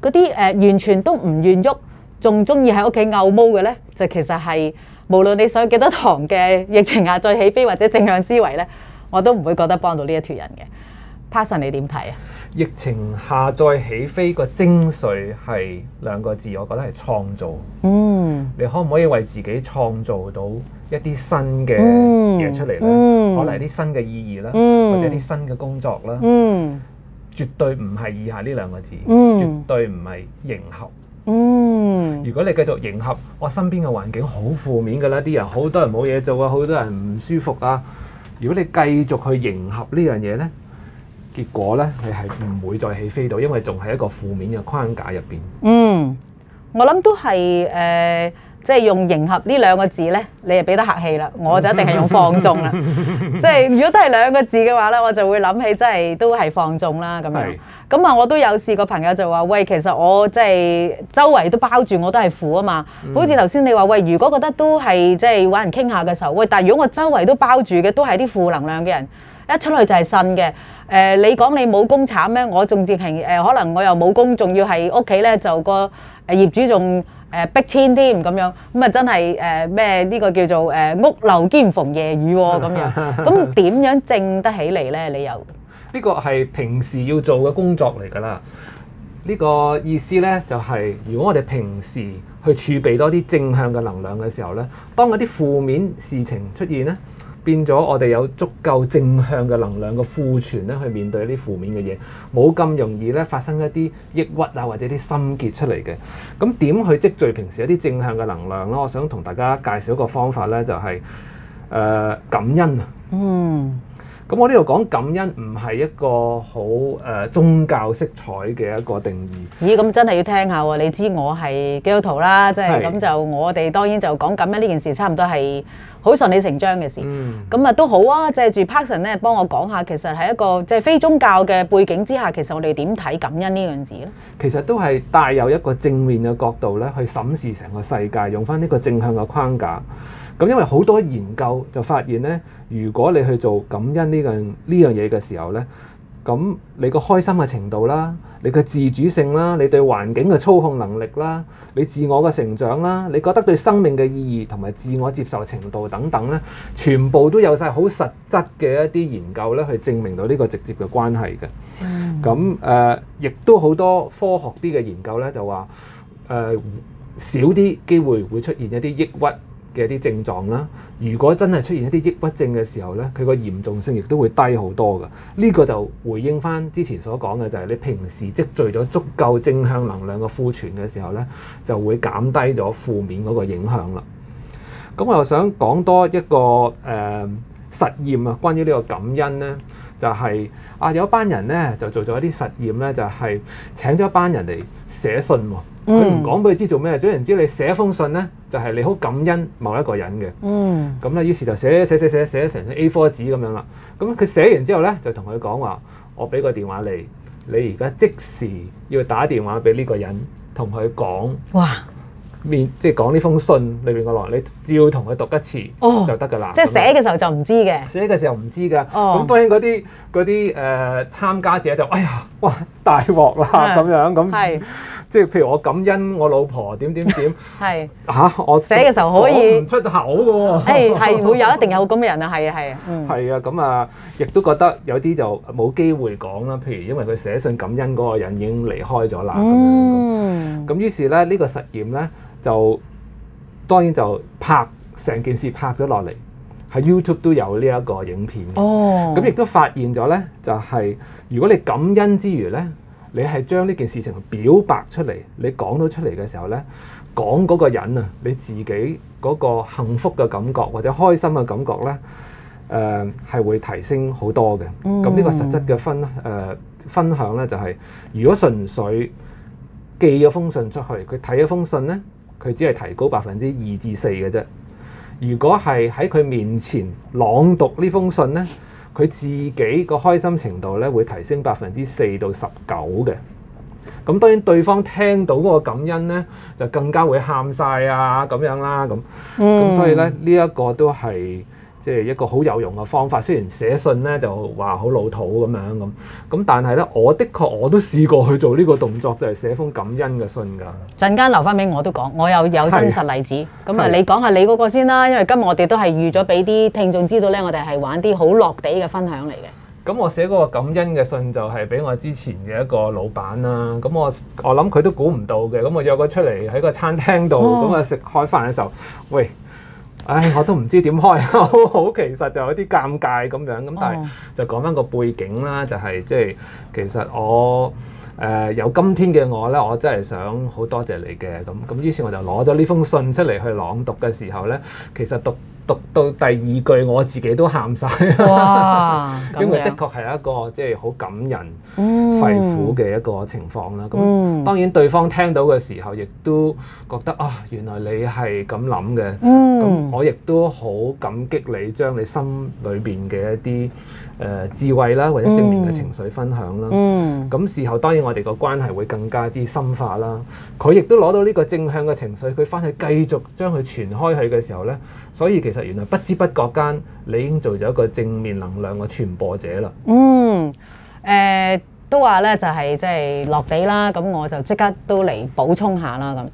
嗰啲誒完全都唔願喐，仲中意喺屋企牛毛嘅咧，就其實係無論你想幾多堂嘅疫情下再起飛或者正向思維咧，我都唔會覺得幫到呢一團人嘅。Paterson，你點睇啊？疫情下再起飛，個精髓係兩個字，我覺得係創造。嗯，你可唔可以為自己創造到一啲新嘅嘢出嚟咧，嗯？可能係啲新嘅意義啦、嗯，或者啲新嘅工作啦、嗯，絕對唔係以下呢兩個字。嗯，絕對唔係迎合。嗯，如果你繼續迎合，我身邊嘅環境好負面㗎啦，啲人好多人冇嘢做啊，好多人唔舒服啊。如果你繼續去迎合呢樣嘢咧？結果咧，你係唔會再起飛到，因為仲係一個負面嘅框架入邊。嗯，我諗都係誒，即、呃、係、就是、用迎合呢兩個字咧，你就俾得客氣啦。我就一定係用放縱啦。即 [laughs] 係、就是、如果都係兩個字嘅話咧，我就會諗起即、就、係、是、都係放縱啦咁樣。咁啊，我都有試過朋友就話：喂，其實我即、就、係、是、周圍都包住，我都係苦啊嘛。嗯、好似頭先你話喂，如果覺得都係即係搵人傾下嘅時候，喂，但係如果我周圍都包住嘅都係啲負能量嘅人，一出去就係新嘅。誒、呃、你講你冇工慘咩？我仲直情誒，可能我又冇工，仲要係屋企咧，就個誒業主仲誒逼遷添咁樣，咁啊真係誒咩呢個叫做誒屋漏兼逢夜雨喎咁樣。咁點樣正得起嚟咧？你又呢、呢個係平時要做嘅工作嚟㗎啦。呢、呢個意思咧就係、係，如果我哋平時去儲備多啲正向嘅能量嘅時候咧，當嗰啲負面事情出現咧。變咗，我哋有足夠正向嘅能量嘅庫存咧，去面對一啲負面嘅嘢，冇咁容易咧發生一啲抑鬱啊或者啲心結出嚟嘅。咁點去積聚平時一啲正向嘅能量咧？我想同大家介紹一個方法咧，就係、是、誒、呃、感恩啊。嗯。咁我呢度講感恩唔係一個好誒宗教色彩嘅一個定義。咦，咁真係要聽下喎！你知我係基督徒啦，即係咁就我哋當然就講感恩呢件事，差唔多係好順理成章嘅事。咁啊都好啊，借住 Parson 咧幫我講下，其實喺一個即係非宗教嘅背景之下，其實我哋點睇感恩呢樣字咧？其實都係帶有一個正面嘅角度咧，去審視成個世界，用翻呢個正向嘅框架。咁因為好多研究就發現咧，如果你去做感恩呢、這個、樣呢樣嘢嘅時候咧，咁你個開心嘅程度啦，你嘅自主性啦，你對環境嘅操控能力啦，你自我嘅成長啦，你覺得對生命嘅意義同埋自我接受的程度等等咧，全部都有晒好實質嘅一啲研究咧，去證明到呢個直接嘅關係嘅。咁、嗯、誒，亦、呃、都好多科學啲嘅研究咧，就話，誒，少啲機會會出現一啲抑鬱嘅啲症狀啦，如果真係出現一啲抑鬱症嘅時候咧，佢個嚴重性亦都會低好多㗎。呢、這個就回應翻之前所講嘅，就係你平時積聚咗足夠正向能量嘅庫存嘅時候咧，就會減低咗負面嗰個影響啦。咁我又想講多一個誒、呃、實驗啊，關於呢個感恩咧。就係啊，有班人咧就做咗一啲實驗咧，就係請咗一班人嚟、就是、寫信喎。佢唔講俾佢知道做咩，總然之，你寫一封信咧，就係、是、你好感恩某一個人嘅。嗯，咁咧，於是就寫寫寫寫寫成 A4 紙咁樣啦。咁佢寫完之後咧，就同佢講話：我俾個電話你，你而家即時要打電話俾呢個人，同佢講。哇面即係講呢封信裏邊個內容，你只要同佢讀一次就得㗎啦。即係寫嘅時候就唔知嘅。寫嘅時候唔知㗎。哦。咁當然嗰啲嗰啲誒參加者就哎呀哇大鑊啦咁樣咁，即係譬如我感恩我老婆點點點。係。嚇、啊！我寫嘅時候可以。講唔出口㗎、啊、喎。誒、哎、係會有一定有咁嘅人啊，係啊係啊。嗯。係啊，咁啊亦都覺得有啲就冇機會講啦。譬如因為佢寫信感恩嗰個人已經離開咗啦。嗯。咁於是咧呢、呢個實驗咧。就當然就拍成件事拍咗落嚟，喺 YouTube 都有呢一個影片哦，咁亦都發現咗呢，就係、是、如果你感恩之餘呢，你係將呢件事情表白出嚟，你講到出嚟嘅時候呢，講嗰個人啊，你自己嗰個幸福嘅感覺或者開心嘅感覺呢，誒、呃、係會提升好多嘅。咁、mm. 呢個實質嘅分誒、呃、分享呢、就是，就係如果純粹寄咗封信出去，佢睇咗封信呢。佢只係提高百分之二至四嘅啫。如果係喺佢面前朗讀呢封信呢，佢自己個開心程度呢會提升百分之四到十九嘅。咁當然對方聽到嗰個感恩呢，就更加會喊晒啊，咁樣啦咁。咁所以咧呢一個都係。即係一個好有用嘅方法，雖然寫信咧就話好老土咁樣咁，咁但係咧，我的確我都試過去做呢個動作，就係、是、寫封感恩嘅信㗎。陣間留翻俾我都講，我又有真實例子。咁啊，你講下你嗰、那個先啦，因為今日我哋都係預咗俾啲聽眾知道咧，我哋係玩啲好落地嘅分享嚟嘅。咁我寫嗰個感恩嘅信就係俾我之前嘅一個老闆啦。咁我我諗佢都估唔到嘅。咁我約佢出嚟喺個餐廳度，咁啊食開飯嘅時候，哦、喂。唉，我都唔知點開口，好，好，好其實就有啲尷尬咁樣，咁但係、oh. 就講翻個背景啦，就係、係、即係其實我。誒、呃、有今天嘅我呢，我真係想好多謝你嘅咁咁，於是我就攞咗呢封信出嚟去朗讀嘅時候呢，其實讀、讀到第二句我自己都喊晒， [laughs] 因為的確係一個即係好感人肺腑嘅一個情況啦。咁、嗯、當然對方聽到嘅時候，亦都覺得啊，原來你係咁諗嘅。咁、嗯、我亦都好感激你將你心裏面嘅一啲。誒、呃、智慧啦，或者正面嘅情緒分享啦，咁事後當然我哋個關係會更加之深化啦。佢亦都攞到呢個正向嘅情緒，佢翻去繼續將佢傳開去嘅時候呢，所以其實原來不知不覺間，你已經做咗一個正面能量嘅傳播者啦。嗯，誒、呃、都話呢，就係即係落地啦，咁我就即刻都嚟補充下啦咁。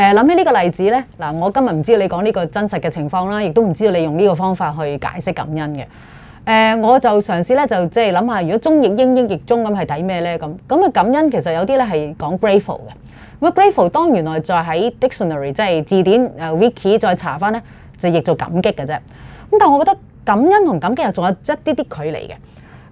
誒諗、呃、起呢個例子呢，嗱我今日唔知道你講呢個真實嘅情況啦，亦都唔知道你用呢個方法去解釋感恩嘅。誒，我就嘗試咧，就即係諗下，如果中譯英，英譯中咁，係睇咩咧？咁咁嘅感恩其實有啲咧係講 grateful 嘅。咁 grateful 當原來再喺 dictionary 即係字典，誒 wiki 再查翻咧，就譯做感激嘅啫。咁但係我覺得感恩同感激又仲有一啲啲距離嘅。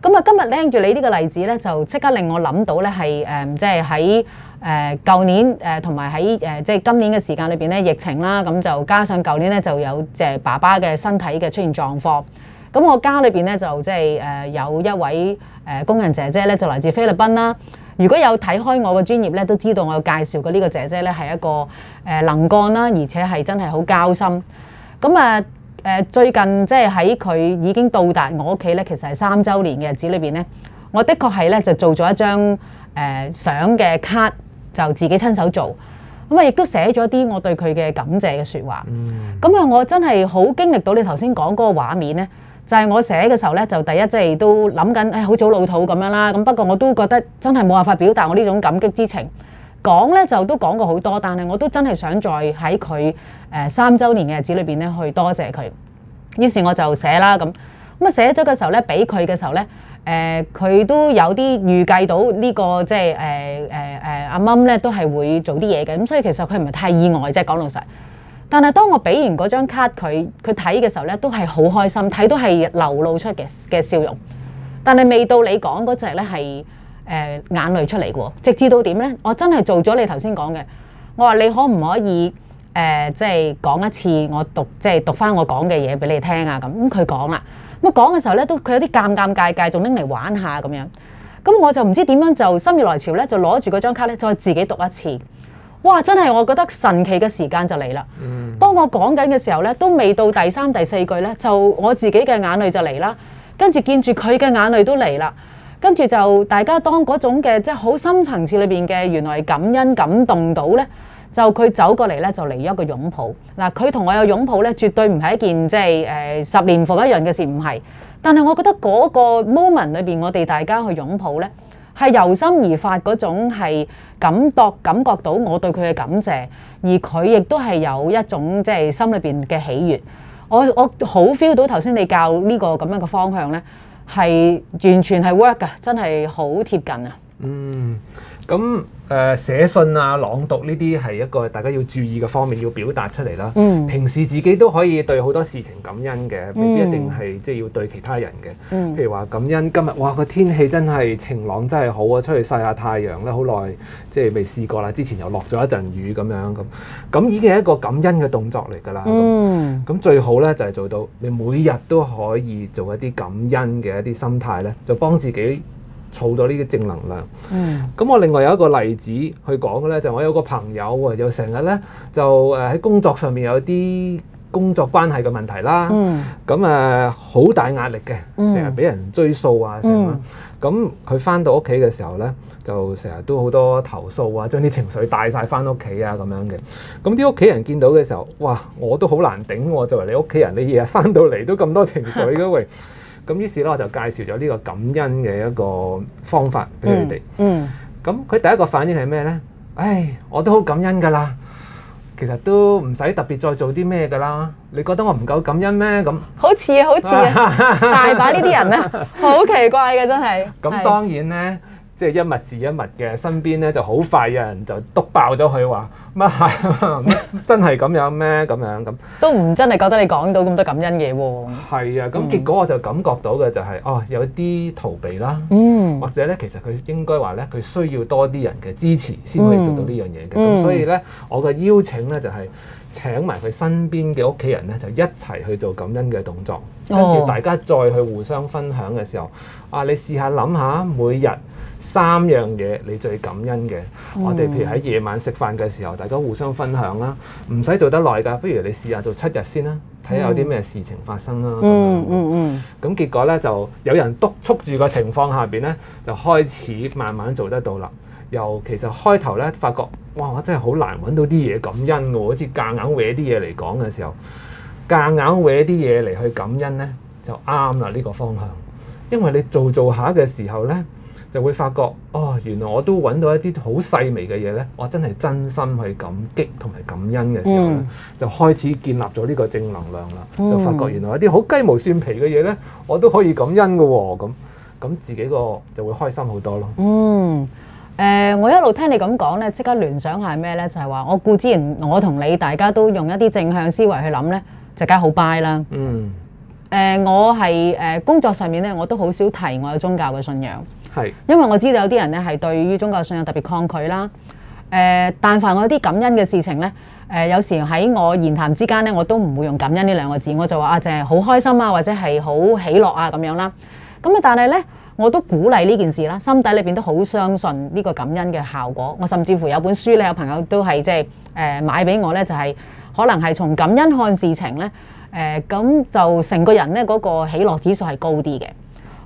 咁啊，今日拎住你呢個例子咧，就即刻令我諗到咧，係誒，即係喺誒舊年誒，同埋喺誒即係今年嘅時間裏邊咧，疫情啦，咁就加上舊年咧就有即係爸爸嘅身體嘅出現狀況。咁我家裏邊咧就即係誒有一位誒工人姐姐咧，就來自菲律賓啦。如果有睇開我嘅專業咧，都知道我介紹嘅呢個姐姐咧係一個誒能幹啦，而且係真係好交心。咁啊誒最近即係喺佢已經到達我屋企咧，其實係三週年嘅日子裏邊咧，我的確係咧就做咗一張誒相嘅卡，就自己親手做。咁啊，亦都寫咗啲我對佢嘅感謝嘅説話。咁啊，我真係好經歷到你頭先講嗰個畫面咧。就係、是、我寫嘅時候咧，就第一即係都諗緊，唉、哎、好早老土咁樣啦。咁不過我都覺得真係冇辦法表達我呢種感激之情。講咧就都講過好多，但係我都真係想再喺佢誒三週年嘅日子裏邊咧去多謝佢。於是我就寫啦，咁，咁啊寫咗嘅時候咧，俾佢嘅時候咧，誒、呃、佢都有啲預計到、這個呃呃啊、呢個即係誒誒誒阿媽咧都係會做啲嘢嘅。咁所以其實佢唔係太意外，即係講老實。但係當我俾完嗰張卡佢，佢睇嘅時候咧，都係好開心，睇到係流露出嘅嘅笑容。但係未到你講嗰隻咧係誒眼淚出嚟嘅喎，直至到點咧？我真係做咗你頭先講嘅，我話你可唔可以誒即係講一次，我讀即係、就是、讀翻我講嘅嘢俾你聽啊咁。佢、嗯、講啦，咁、嗯、講嘅時候咧都佢有啲尷尷尬尬，仲拎嚟玩下咁樣。咁、嗯、我就唔知點樣就心血來潮咧，就攞住嗰張卡咧再自己讀一次。哇！真係，我覺得神奇嘅時間就嚟啦。當我講緊嘅時候呢，都未到第三、第四句呢，就我自己嘅眼淚就嚟啦。跟住見住佢嘅眼淚都嚟啦。跟住就大家當嗰種嘅即係好深層次裏面嘅原來感恩感動到呢，就佢走過嚟呢，就嚟咗一個擁抱嗱。佢同我有擁抱呢，絕對唔係一件即係、誒、十年復一樣嘅事，唔係。但係我覺得嗰個 moment 裏面，我哋大家去擁抱呢。係由心而發嗰種係感覺，感覺到我對佢嘅感謝，而佢亦都係有一種即係、就是、心裏邊嘅喜悅。我我好 feel 到頭先你教呢、這個咁樣嘅方向呢，係完全係 work 噶，真係好貼近啊！嗯，咁。誒、呃、寫信啊、朗讀呢啲係一個大家要注意嘅方面，要表達出嚟啦、嗯。平時自己都可以對好多事情感恩嘅，未必一定係即係要對其他人嘅、嗯。譬如話感恩今日，哇個天氣真係晴朗，真係好啊！出去曬下太陽啦，好耐即係未試過啦。之前又落咗一陣雨咁樣咁，咁已經係一個感恩嘅動作嚟噶啦。咁、嗯、最好咧就係、是、做到，你每日都可以做一啲感恩嘅一啲心態咧，就幫自己。儲咗呢啲正能量。咁我另外有一個例子去講嘅咧，就是、我有個朋友啊，又成日咧就誒喺、呃、工作上面有啲工作關係嘅問題啦。咁誒好大壓力嘅，成日俾人追數啊，成咁佢翻到屋企嘅時候咧，就成日都好多投訴啊，將啲情緒帶晒翻屋企啊，咁樣嘅。咁啲屋企人見到嘅時候，哇！我都好難頂喎。我作為你屋企人，你日日翻到嚟都咁多情緒嘅、啊、喂。 [laughs] 咁於是咧，我就介紹咗呢個感恩嘅一個方法俾佢哋。嗯，咁佢第一個反應係咩呢？唉，我都好感恩㗎啦，其實都唔使特別再做啲咩㗎啦。你覺得我唔夠感恩咩？咁好似啊，好似啊，大把呢啲人啊，好奇怪嘅真係。咁當然呢。即係一物治一物嘅，身邊咧，就好快有人就篤爆咗佢，話乜嚇，真係咁樣咩？咁樣咁都唔真係覺得你講到咁多感恩嘅喎、哦。係啊，咁結果我就感覺到嘅就係、是嗯、哦，有啲逃避啦、嗯，或者咧其實佢應該話咧佢需要多啲人嘅支持先可以做到呢樣嘢嘅。咁、嗯、所以咧我嘅邀請咧就係請埋佢身邊嘅屋企人咧就一齊去做感恩嘅動作，跟住大家再去互相分享嘅時候啊，你試下諗下每日。三樣嘢你最感恩嘅、嗯，我哋譬如喺夜晚食飯嘅時候，大家互相分享啦，唔使做得耐㗎，不如你試下做七日先啦，睇下有啲咩事情發生啦。嗯嗯嗯。咁、嗯、結果咧就有人督促住個情況下邊咧，就開始慢慢做得到啦。又其實開頭咧發覺，哇！我真係好難揾到啲嘢感恩㗎，我好似夾硬搲啲嘢嚟講嘅時候，夾硬搲啲嘢嚟去感恩咧，就啱啦呢個方向，因為你做做下嘅時候咧。就會發覺哦，原來我都揾到一啲好細微嘅嘢咧，我真係真心去感激同埋感恩嘅時候咧、嗯，就開始建立咗呢個正能量啦、嗯。就發覺原來一啲好雞毛蒜皮嘅嘢咧，我都可以感恩嘅喎、哦。咁咁自己個就會開心好多咯。嗯，誒、呃，我一路聽你咁講咧，即刻聯想係咩咧？就係、是、話我固之然，我同你大家都用一啲正向思維去諗咧，就梗係好 buy 啦。嗯，誒、呃，我係誒、呃、工作上面咧，我都好少提我有宗教嘅信仰。係，因為我知道有啲人咧係對於宗教信仰特別抗拒啦。誒、呃，但凡我有啲感恩嘅事情咧，誒、呃，有時喺我言談之間咧，我都唔會用感恩呢兩個字，我就話啊，淨係好開心啊，或者係好喜樂啊咁樣啦。咁啊，但係咧，我都鼓勵呢件事啦，心底裏邊都好相信呢個感恩嘅效果。我甚至乎有本書咧，有朋友都係即係誒買俾我咧，就係、是、可能係從感恩看事情咧，誒、呃、咁就成個人咧，嗰個喜樂指數係高啲嘅。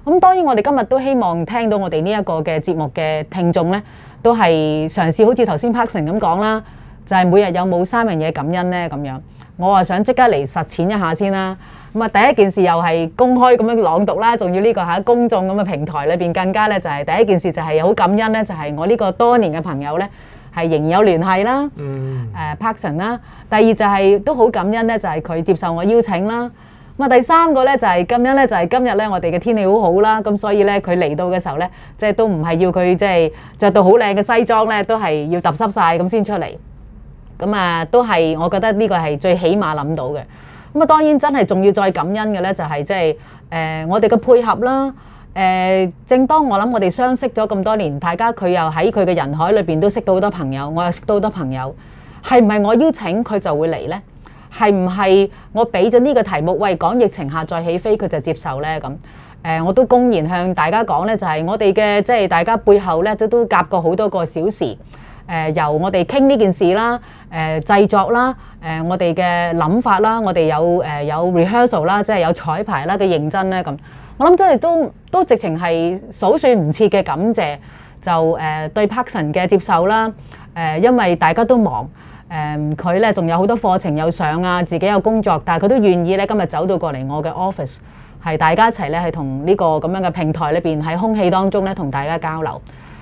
咁當然，我哋今日都希望聽到我哋呢一個嘅節目嘅聽眾呢，都係嘗試好似頭先 Patrick 咁講啦，就係、是、每日有冇三樣嘢感恩呢？咁樣。我啊想即刻嚟實踐一下先啦。咁啊，第一件事又係公開咁樣朗讀啦，仲要呢個喺公眾咁嘅平台裏邊，更加呢，就係、是、第一件事就係好感恩呢，就係、是、我呢個多年嘅朋友呢，係仍然有聯繫啦。嗯、mm. 呃。誒 Patrick 啦。第二就係、是、都好感恩呢，就係、是、佢接受我邀請啦。咁啊，第三個咧就係感恩咧，就係今日咧，我哋嘅天氣好好啦，咁所以咧，佢嚟到嘅時候咧，即係都唔係要佢即係著到好靚嘅西裝咧，都係要揼濕晒咁先出嚟。咁啊，都係我覺得呢個係最起碼諗到嘅。咁啊，當然真係仲要再感恩嘅咧，就係即係誒我哋嘅配合啦。誒，正當我諗我哋相識咗咁多年，大家佢又喺佢嘅人海裏邊都識到好多朋友，我又識到好多朋友，係唔係我邀請佢就會嚟咧？係唔係我俾咗呢個題目？喂，講疫情下再起飛，佢就接受呢。咁。誒，我都公然向大家講呢就係、是、我哋嘅即係大家背後呢，都都夾過好多個小時。誒、呃，由我哋傾呢件事啦，誒、呃、製作啦，誒、呃、我哋嘅諗法啦，我哋有誒、呃、有 rehearsal 啦，即、就、係、是、有彩排啦嘅認真呢。咁。我諗真係都都直情係數算唔切嘅感謝，就誒、呃、對 Parson 嘅接受啦。誒、呃，因為大家都忙。誒、嗯，佢咧仲有好多課程有上啊，自己有工作，但係佢都願意咧，今日走到過嚟我嘅 office，係大家一齊咧，係同呢個咁樣嘅平台裏邊喺空氣當中咧，同大家交流。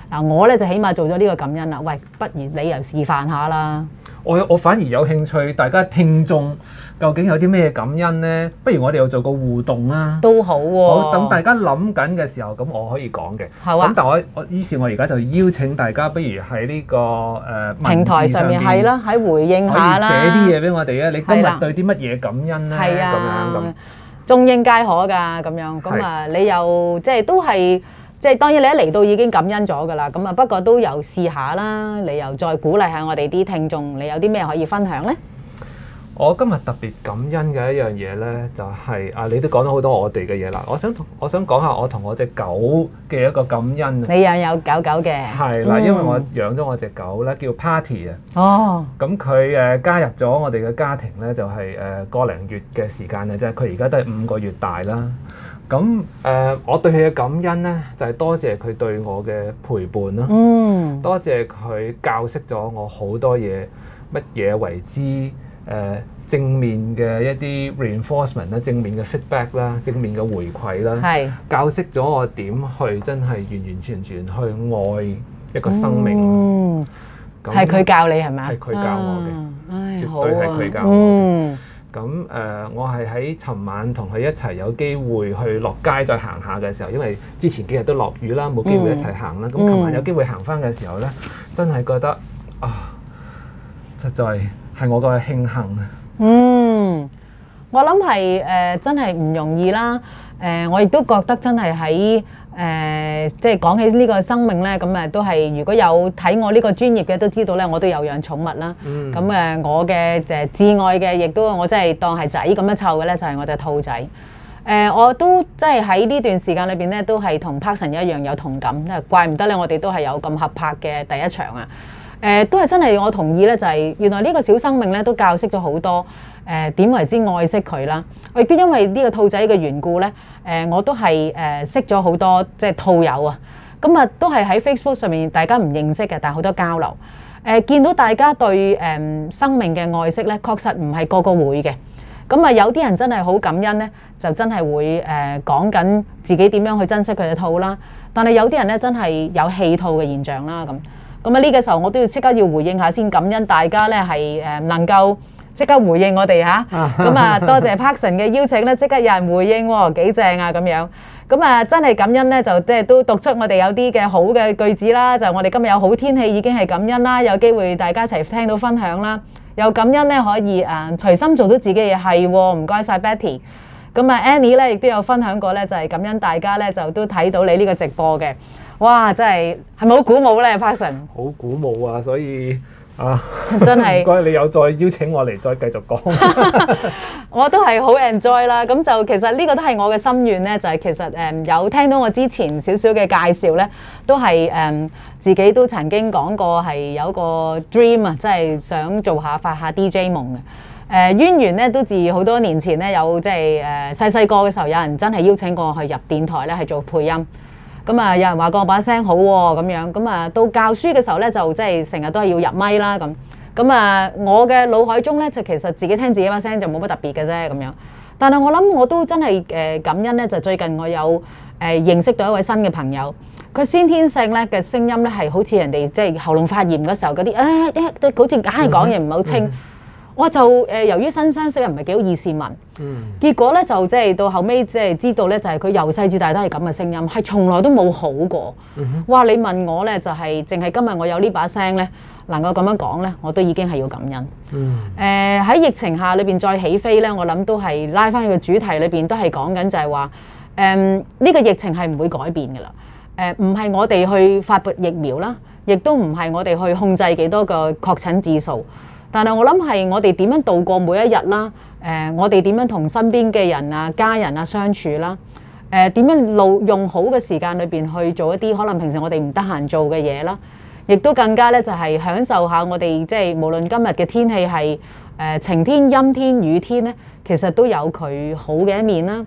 嗱，我咧就起碼做咗呢個感恩啦。喂，不如你又示範下啦。我我反而有興趣，大家聽眾究竟有啲咩感恩咧？不如我哋又做個互動啦。都好喎。好，等大家諗緊嘅時候，咁我可以講嘅。係啊。咁但係我我於是，我而家就邀請大家，不如喺呢個誒平台上面係啦，喺回應下啦。可以寫啲嘢俾我哋啊！你今日對啲乜嘢感恩咧？係啊。咁樣。中英皆可㗎，咁樣咁啊！你又即係都係。即係當然，你一嚟到已經感恩咗噶啦。咁啊，不過都有試下啦。你又再鼓勵下我哋啲聽眾，你有啲咩可以分享呢？我今日特別感恩嘅一樣嘢呢，就係啊，你都講咗好多我哋嘅嘢啦。我想同我想講下我同我隻狗嘅一個感恩。你養有狗狗嘅？係啦，因為我養咗我隻狗呢，叫 Party 啊。哦。咁佢誒加入咗我哋嘅家庭呢，就係誒個零月嘅時間嘅啫。即係佢而家都係五個月大啦。咁誒、呃，我對佢嘅感恩呢，就係、是、多謝佢對我嘅陪伴啦、嗯，多謝佢教識咗我好多嘢，乜嘢為之誒正面嘅一啲 reinforcement 啦，正面嘅 feedback 啦，正面嘅回饋啦，教識咗我點去真係完完全全去愛一個生命。嗯，係佢教你係咪啊？係佢教我嘅、啊，絕對係佢教我。咁、嗯、誒，我係喺尋晚同佢一齊有機會去落街再行下嘅時候，因為之前幾日都落雨啦，冇機會一齊行啦。咁、嗯、尋晚有機會行返嘅時候呢，真係覺得啊，實在係我個慶幸啊！嗯，我諗係誒真係唔容易啦。誒、呃，我亦都覺得真係喺。誒、呃，即係講起呢個生命呢，咁誒都係如果有睇我呢個專業嘅都知道呢，我都有養寵物啦。咁、嗯、誒、嗯，我嘅誒至愛嘅，亦都我真係當係仔咁樣湊嘅呢，就係我隻兔仔。誒，我都真係喺呢段時間裏邊呢，都係同柏神一樣有同感。誒，怪唔得呢，我哋都係有咁合拍嘅第一場啊！誒、呃，都係真係我同意呢，就係、是、原來呢個小生命呢，都教識咗好多誒點、呃、為之愛惜佢啦。亦都因為呢個兔仔嘅緣故呢。誒我都係誒識咗好多即係兔友啊，咁啊都係喺 Facebook 上面大家唔認識嘅，但係好多交流。誒見到大家對誒生命嘅愛惜咧，確實唔係個個會嘅。咁啊有啲人真係好感恩咧，就真係會誒講緊自己點樣去珍惜佢嘅兔啦。但係有啲人咧真係有棄兔嘅現象啦。咁咁啊呢個時候我都要即刻要回應下先，感恩大家咧係誒能夠。即刻回應我哋吓，咁 [laughs] 啊多謝 Patson 嘅邀請咧，即刻有人回應喎，幾、哦、正啊咁樣。咁啊真係感恩咧，就即係都讀出我哋有啲嘅好嘅句子啦。就我哋今日有好天氣已經係感恩啦，有機會大家一齊聽到分享啦。又感恩咧可以誒隨、啊、心做到自己嘢係，唔該晒 Betty。咁啊 Annie 咧亦都有分享過咧，就係、是、感恩大家咧就都睇到你呢個直播嘅。哇！真係係咪好鼓舞咧 Patson 好鼓舞啊，所以。啊！真係唔該，你有再邀請我嚟再繼續講， [laughs] 我都係好 enjoy 啦。咁就其實呢個都係我嘅心願咧，就係、是、其實誒、嗯、有聽到我之前少少嘅介紹咧，都係誒、嗯、自己都曾經講過係有一個 dream 啊，即係想做下發下 DJ 夢嘅。誒、呃、淵源咧都自好多年前咧有即係誒細細個嘅時候，有人真係邀請過我去入電台咧，係做配音。咁啊，有人話過我把聲好喎、哦，咁樣，咁啊，到教書嘅時候咧，就即係成日都係要入咪啦，咁，咁啊，我嘅腦海中咧，就其實自己聽自己把聲就冇乜特別嘅啫，咁樣。但係我諗我都真係誒感恩咧，就最近我有誒、呃、認識到一位新嘅朋友，佢先天性咧嘅聲音咧係好似人哋即係喉嚨發炎嗰時候嗰啲，誒、啊啊啊、好似硬係講嘢唔係好清。嗯嗯。哇、哦！就誒、呃，由於新相識，又唔係幾好意思問。嗯。結果咧，就即、就、係、是、到後尾，即係知道咧，就係佢由細至大都係咁嘅聲音，係從來都冇好過。嗯哼哇！你問我咧，就係淨係今日我有呢把聲咧，能夠咁樣講咧，我都已經係要感恩。嗯、呃。誒，喺疫情下裏邊再起飛咧，我諗都係拉翻佢個主題裏邊都係講緊就係話，誒、嗯、呢、這個疫情係唔會改變噶啦。誒、呃，唔係我哋去發佈疫苗啦，亦都唔係我哋去控制幾多個確診指數。但係我諗係我哋點樣度過每一日啦？誒，我哋點樣同身邊嘅人啊、家人啊相處啦？誒，點樣路用好嘅時間裏邊去做一啲可能平時我哋唔得閒做嘅嘢啦？亦都更加咧就係享受下我哋即係無論今日嘅天氣係誒晴天、陰天、雨天咧，其實都有佢好嘅一面啦。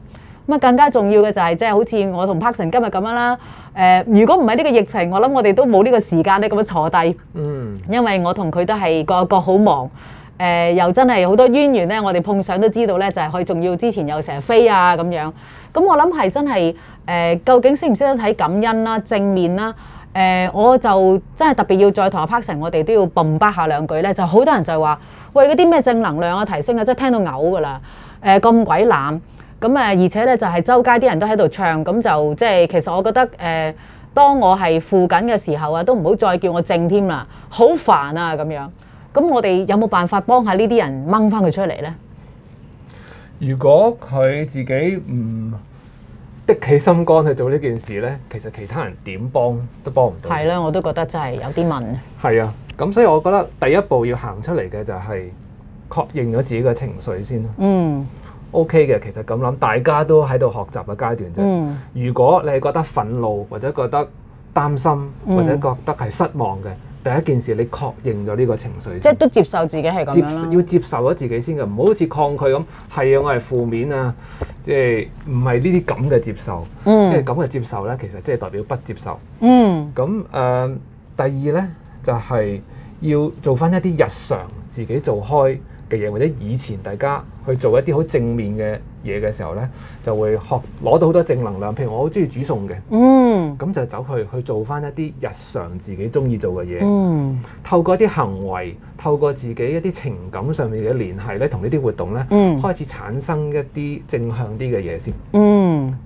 咁更加重要嘅就係即係好似我同 Patrick 今日咁樣啦。誒、呃，如果唔係呢個疫情，我諗我哋都冇呢個時間咧咁樣坐低。嗯。因為我同佢都係個個好忙。誒、呃，又真係好多淵源咧，我哋碰上都知道咧，就係佢仲要之前又成日飛啊咁樣。咁、嗯、我諗係真係誒、呃，究竟識唔識得睇感恩啦、啊、正面啦、啊？誒、呃，我就真係特別要再同阿 Patrick 我哋都要 boom back 下兩句咧，就好多人就係話喂嗰啲咩正能量啊、提升啊，即係聽到嘔噶啦。誒咁鬼懶。咁誒，而且咧就係周街啲人都喺度唱，咁就即係其實我覺得誒，當我係附近嘅時候啊，都唔好再叫我靜添啦，好煩啊咁樣。咁我哋有冇辦法幫下呢啲人掹翻佢出嚟呢？如果佢自己唔的起心肝去做呢件事呢，其實其他人點幫都幫唔到。係啦，我都覺得真係有啲問。係啊，咁所以我覺得第一步要行出嚟嘅就係確認咗自己嘅情緒先咯。嗯。OK 嘅，其實咁諗，大家都喺度學習嘅階段啫、嗯。如果你係覺得憤怒或者覺得擔心或者覺得係失望嘅、嗯，第一件事你確認咗呢個情緒。即係都接受自己係咁樣。接，要接受咗自己先嘅，唔好好似抗拒咁。係啊，我係負面啊，即係唔係呢啲咁嘅接受。即係咁嘅接受呢，其實即係代表不接受。嗯。咁誒、呃，第二呢，就係、是、要做翻一啲日常自己做開嘅嘢，或者以前大家去做一啲好正面嘅嘢嘅時候呢，就會學攞到好多正能量。譬如我好中意煮餸嘅，咁、嗯、就走去去做翻一啲日常自己中意做嘅嘢、嗯。透過一啲行為，透過自己一啲情感上面嘅聯繫呢同呢啲活動呢、嗯，開始產生一啲正向啲嘅嘢先、嗯。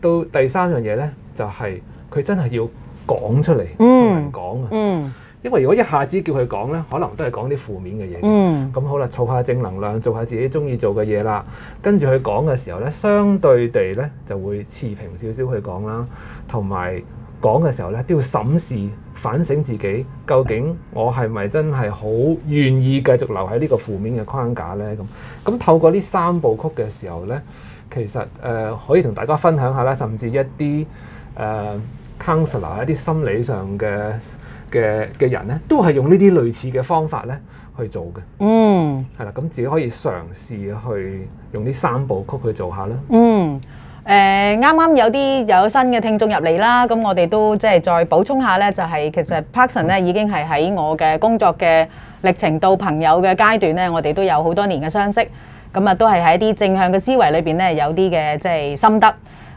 到第三樣嘢呢，就係、是、佢真係要講出嚟，同人講啊。因為如果一下子叫佢講咧，可能都係講啲負面嘅嘢。咁、嗯、好啦，儲下正能量，做下自己中意做嘅嘢啦。跟住佢講嘅時候咧，相對地咧就會持平少少去講啦。同埋講嘅時候咧，都要審視、反省自己，究竟我係咪真係好願意繼續留喺呢個負面嘅框架咧？咁咁透過呢三部曲嘅時候咧，其實誒、呃、可以同大家分享下啦，甚至一啲誒 counsel 一啲心理上嘅。嘅嘅人咧，都係用呢啲類似嘅方法咧去做嘅。嗯，係啦，咁自己可以嘗試去用啲三部曲去做下啦。嗯，誒啱啱有啲有新嘅聽眾入嚟啦，咁我哋都即係再補充下咧，就係、是、其實 Parkson 咧已經係喺我嘅工作嘅歷程到朋友嘅階段咧，我哋都有好多年嘅相識，咁啊都係喺啲正向嘅思維裏邊咧，有啲嘅即係心得。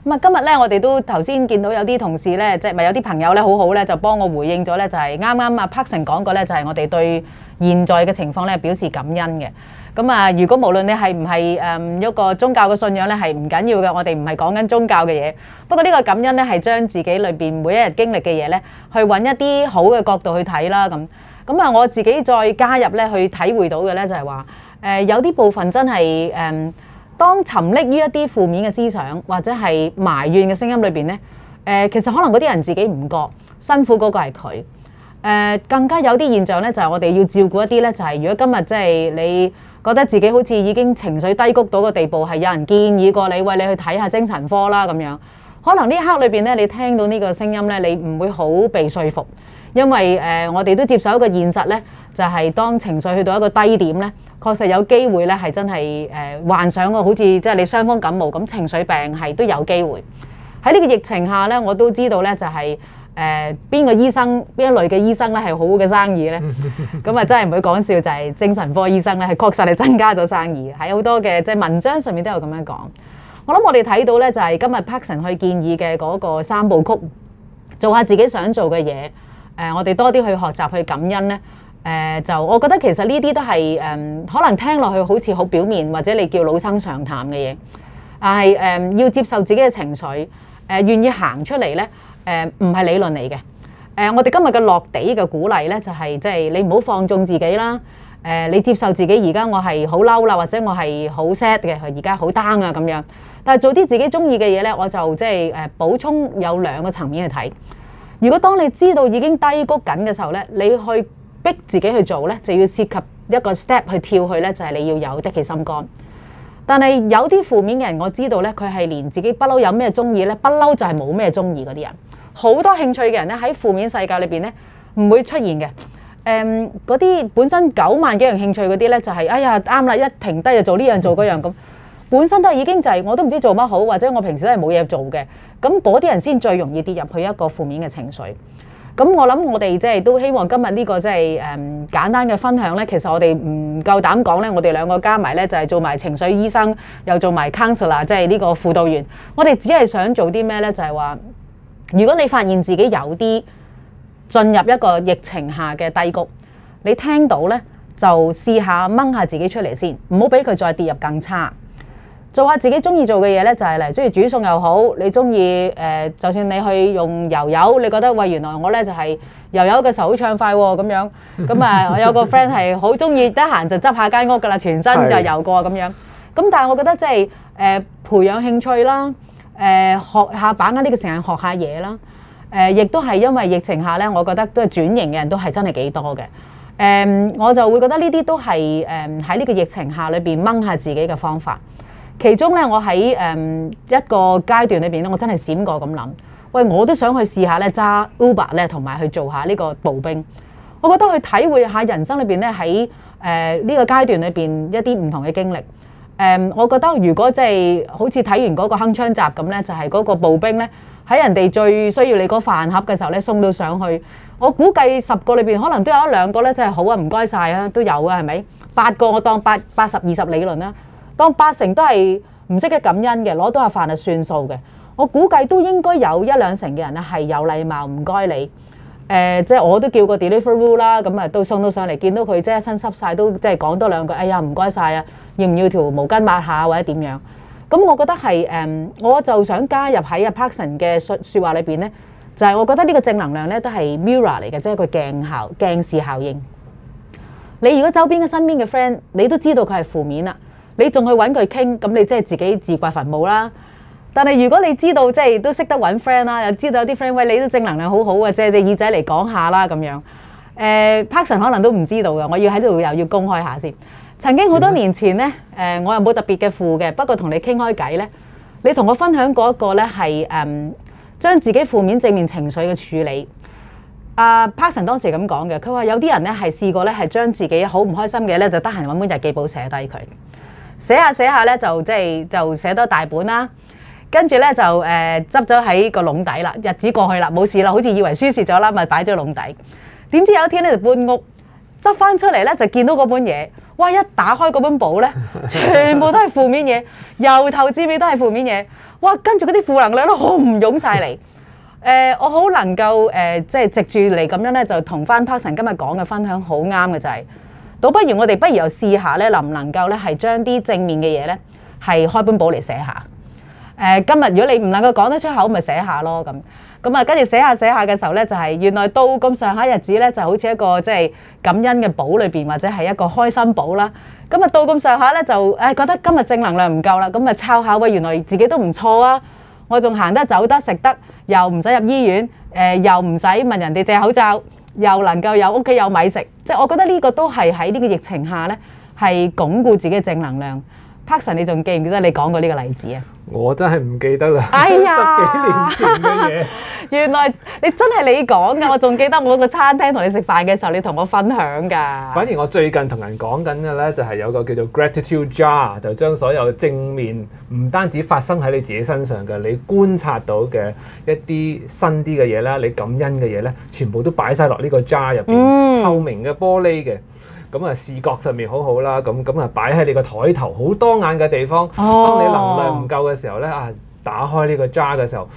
咁啊，今日咧，我哋都頭先見到有啲同事咧，即係咪有啲朋友咧，好好咧，就幫我回應咗咧，就係啱啱啊 Patrick 講過咧，就係我哋對現在嘅情況咧表示感恩嘅。咁啊，如果無論你係唔係誒一個宗教嘅信仰咧，係唔緊要嘅，我哋唔係講緊宗教嘅嘢。不過呢個感恩咧，係將自己裏邊每一日經歷嘅嘢咧，去揾一啲好嘅角度去睇啦。咁咁啊，我自己再加入咧，去體會到嘅咧，就係話誒有啲部分真係當沉溺於一啲負面嘅思想或者係埋怨嘅聲音裏邊呢誒、呃，其實可能嗰啲人自己唔覺辛苦是他，嗰個係佢。誒，更加有啲現象呢，就係、是、我哋要照顧一啲呢。就係、是、如果今日即係你覺得自己好似已經情緒低谷到個地步，係有人建議過你為你去睇下精神科啦咁樣，可能呢一刻裏邊呢，你聽到呢個聲音呢，你唔會好被說服。因為誒、呃，我哋都接受一個現實咧，就係、是、當情緒去到一個低點咧，確實有機會咧，係真係誒患上個好似即係你傷風感冒咁情緒病，係都有機會喺呢個疫情下咧，我都知道咧就係誒邊個醫生、邊一類嘅醫生咧係好嘅生意咧，咁啊真係唔會講笑，就係、是、精神科醫生咧係確實係增加咗生意，喺好多嘅即係文章上面都有咁樣講。我諗我哋睇到咧就係、是、今日 p a c k 去建議嘅嗰個三部曲，做下自己想做嘅嘢。誒，我哋多啲去學習去感恩呢，誒，就我覺得其實呢啲都係誒，可能聽落去好似好表面，或者你叫老生常談嘅嘢，但係誒，要接受自己嘅情緒，誒，願意行出嚟呢，誒，唔係理論嚟嘅，誒，我哋今日嘅落地嘅鼓勵呢，就係即係你唔好放縱自己啦，誒，你接受自己而家我係好嬲啦，或者我係好 sad 嘅，而家好 down 啊咁樣，但係做啲自己中意嘅嘢呢，我就即係誒補充有兩個層面去睇。如果當你知道已經低谷緊嘅時候咧，你去逼自己去做咧，就要涉及一個 step 去跳去咧，就係、是、你要有的起心肝。但係有啲負面嘅人，我知道咧，佢係連自己不嬲有咩中意咧，不嬲就係冇咩中意嗰啲人。好多興趣嘅人咧，喺負面世界裏邊咧，唔會出現嘅。誒、嗯，嗰啲本身九萬幾樣興趣嗰啲咧，就係、是、哎呀啱啦，一停低就做呢樣做嗰樣咁。本身都已經就係、是，我都唔知做乜好，或者我平時都係冇嘢做嘅。咁嗰啲人先最容易跌入去一個負面嘅情緒。咁我諗我哋即係都希望今日呢個即係誒簡單嘅分享呢。其實我哋唔夠膽講呢，我哋兩個加埋呢就係、是、做埋情緒醫生，又做埋 counselor，即係呢個輔導員。我哋只係想做啲咩呢？就係、是、話，如果你發現自己有啲進入一個疫情下嘅低谷，你聽到呢，就試下掹下自己出嚟先，唔好俾佢再跌入更差。做下自己中意做嘅嘢呢，就係嚟中意煮餸又好，你中意誒，就算你去用油油，你覺得喂，原來我呢就係、是、油油嘅時候好暢快喎、哦、咁樣咁啊、嗯嗯！我有個 friend 係好中意得閒就執下間屋㗎啦，全身就油過咁樣。咁、嗯、但係我覺得即係誒培養興趣啦，誒、呃、學下把握呢個時間學下嘢啦，誒亦都係因為疫情下呢，我覺得都係轉型嘅人都係真係幾多嘅誒、呃，我就會覺得呢啲都係誒喺呢個疫情下裏邊掹下自己嘅方法。其中咧，我喺誒一個階段裏邊咧，我真係閃過咁諗，喂，我都想去試下咧揸 Uber 咧，同埋去做下呢個步兵。我覺得去體會下人生裏邊咧，喺誒呢個階段裏邊一啲唔同嘅經歷。誒，我覺得如果即係好似睇完嗰個《鏗鏘集》咁咧，就係嗰個步兵咧，喺人哋最需要你個飯盒嘅時候咧，送到上去。我估計十個裏邊可能都有一兩個咧，真係好啊！唔該晒啊，都有啊，係咪？八個我當八八十二十理論啦。當八成都係唔識得感恩嘅，攞到個飯就算數嘅。我估計都應該有一兩成嘅人咧係有禮貌，唔該你。誒、呃，即係我都叫個 delivery man 啦，咁啊都送到上嚟，見到佢即係身濕晒，都即係講多兩句：哎，哎呀唔該晒啊，要唔要條毛巾抹下或者點樣？咁我覺得係誒，我就想加入喺阿 Parkson 嘅説説話裏邊咧，就係我覺得呢個正能量呢，都係 mirror 嚟嘅，即係個鏡效鏡視效應。你如果周邊嘅身邊嘅 friend，你都知道佢係負面啦。你仲去揾佢傾，咁你即係自己自掘墳墓啦。但係如果你知道，即係都識得揾 friend 啦，又知道有啲 friend 喂，你都正能量好好啊。即係借你耳仔嚟講下啦咁樣。誒、呃、Patson 可能都唔知道嘅，我要喺度又要公開一下先。曾經好多年前呢，誒、呃、我又冇特別嘅負嘅，不過同你傾開偈呢，你同我分享過一個呢係誒將自己負面正面情緒嘅處理。阿、啊、Patson 當時咁講嘅，佢話有啲人呢係試過呢係將自己好唔開心嘅呢，就得閒揾本日記簿寫低佢。寫下寫下咧，就即係就寫多大本啦。跟住咧就誒執咗喺個籠底啦。日子過去啦，冇事啦，好似以為宣洩咗啦，咪擺咗籠底。點知有一天咧就搬屋，執翻出嚟咧就見到嗰本嘢。哇！一打開嗰本簿咧，全部都係負面嘢，由頭至尾都係負面嘢。哇！跟住嗰啲負能量都好唔湧晒嚟。誒， [laughs] 我好能夠誒，即係藉住你咁樣咧，就同翻 Patrick 今日講嘅分享好啱嘅就係、是。倒不如我哋不如又試下咧，能唔能夠咧係將啲正面嘅嘢咧係開本簿嚟寫下。誒，今日如果你唔能夠講得出口，咪寫下咯。咁咁啊，跟住寫下寫下嘅時候咧，就係原來到咁上下日子咧，就好似一個即係感恩嘅簿裏邊，或者係一個開心簿啦。咁啊到咁上下咧就誒覺得今日正能量唔夠啦，咁啊抄下喂，原來自己都唔錯啊！我仲行得走得食得，又唔使入醫院，誒又唔使問人哋借口罩。又能夠有屋企有米食，即係我覺得呢個都係喺呢個疫情下咧，係鞏固自己嘅正能量。Pakson，你仲記唔記得你講過呢個例子啊？我真係唔記得啦、哎呀， [laughs] 十幾年前嘅嘢。原來你真係你講㗎， [laughs] 我仲記得我個餐廳同你食飯嘅時候，你同我分享㗎。反而我最近同人講緊嘅咧，就係、是、有個叫做 Gratitude Jar，就將所有正面，唔單止發生喺你自己身上嘅，你觀察到嘅一啲新啲嘅嘢啦，你感恩嘅嘢咧，全部都擺晒落呢個 jar 入邊、嗯，透明嘅玻璃嘅。咁、嗯、啊視覺上面好好啦，咁咁啊擺喺你個台頭好多眼嘅地方。當、oh. 當你能量唔夠嘅時候咧，啊打開呢個 jar 嘅時候，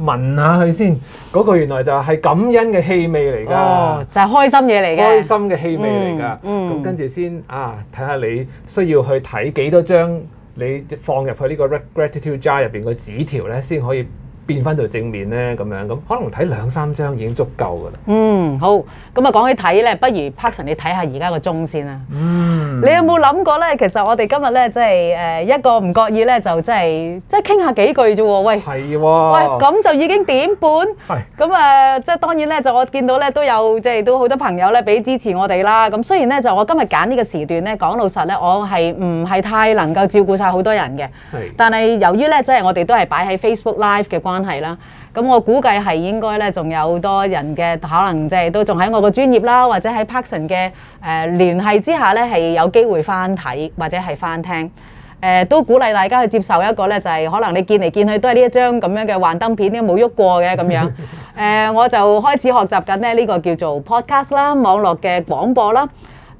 聞下佢先，嗰、那個原來就係感恩嘅氣味嚟㗎，oh, 就係開心嘢嚟嘅，開心嘅氣味嚟㗎。嗯，咁跟住先啊，睇下你需要去睇幾多張你放入去呢個 gratitude jar 入面嘅紙條咧，先可以。變翻到正面咧，咁樣咁，可能睇兩三張已經足夠㗎啦。嗯，好。咁啊講起睇咧，不如 p a c k 你睇下而家個鐘先啊。嗯。你有冇諗過咧？其實我哋今日咧，即、就、係、是、一個唔覺意咧，就即係即係傾下幾句啫喎。喂。係喎、哦。喂，咁就已經點半。係。咁啊、呃，即係當然咧，就我見到咧都有即係都好多朋友咧俾支持我哋啦。咁雖然咧就我今日揀呢個時段咧講老實咧，我係唔係太能夠照顧曬好多人嘅。但係由於咧，即、就、係、是、我哋都係擺喺 Facebook Live 嘅關。關係啦，咁我估計係應該咧，仲有好多人嘅可能即係都仲喺我個專業啦，或者喺 Parkson 嘅誒聯、呃、係之下咧，係有機會翻睇或者係翻聽誒、呃，都鼓勵大家去接受一個咧，就係、是、可能你見嚟見去都係呢一張咁樣嘅幻燈片，都冇喐過嘅咁樣誒、呃，我就開始學習緊咧呢個叫做 podcast 啦，網絡嘅廣播啦。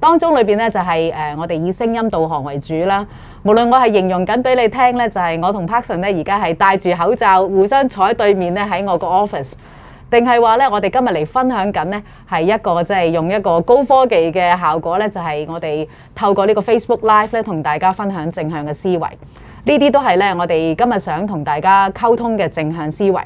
當中裏面咧就係誒，我哋以聲音導航為主啦。無論我係形容緊俾你聽咧，就係、是、我同 Parkson 咧而家係戴住口罩互相坐喺對面咧，喺我個 office，定係話咧我哋今日嚟分享緊呢，係一個即係、就是、用一個高科技嘅效果咧，就係我哋透過呢個 Facebook Live 咧同大家分享正向嘅思維。呢啲都係咧我哋今日想同大家溝通嘅正向思維。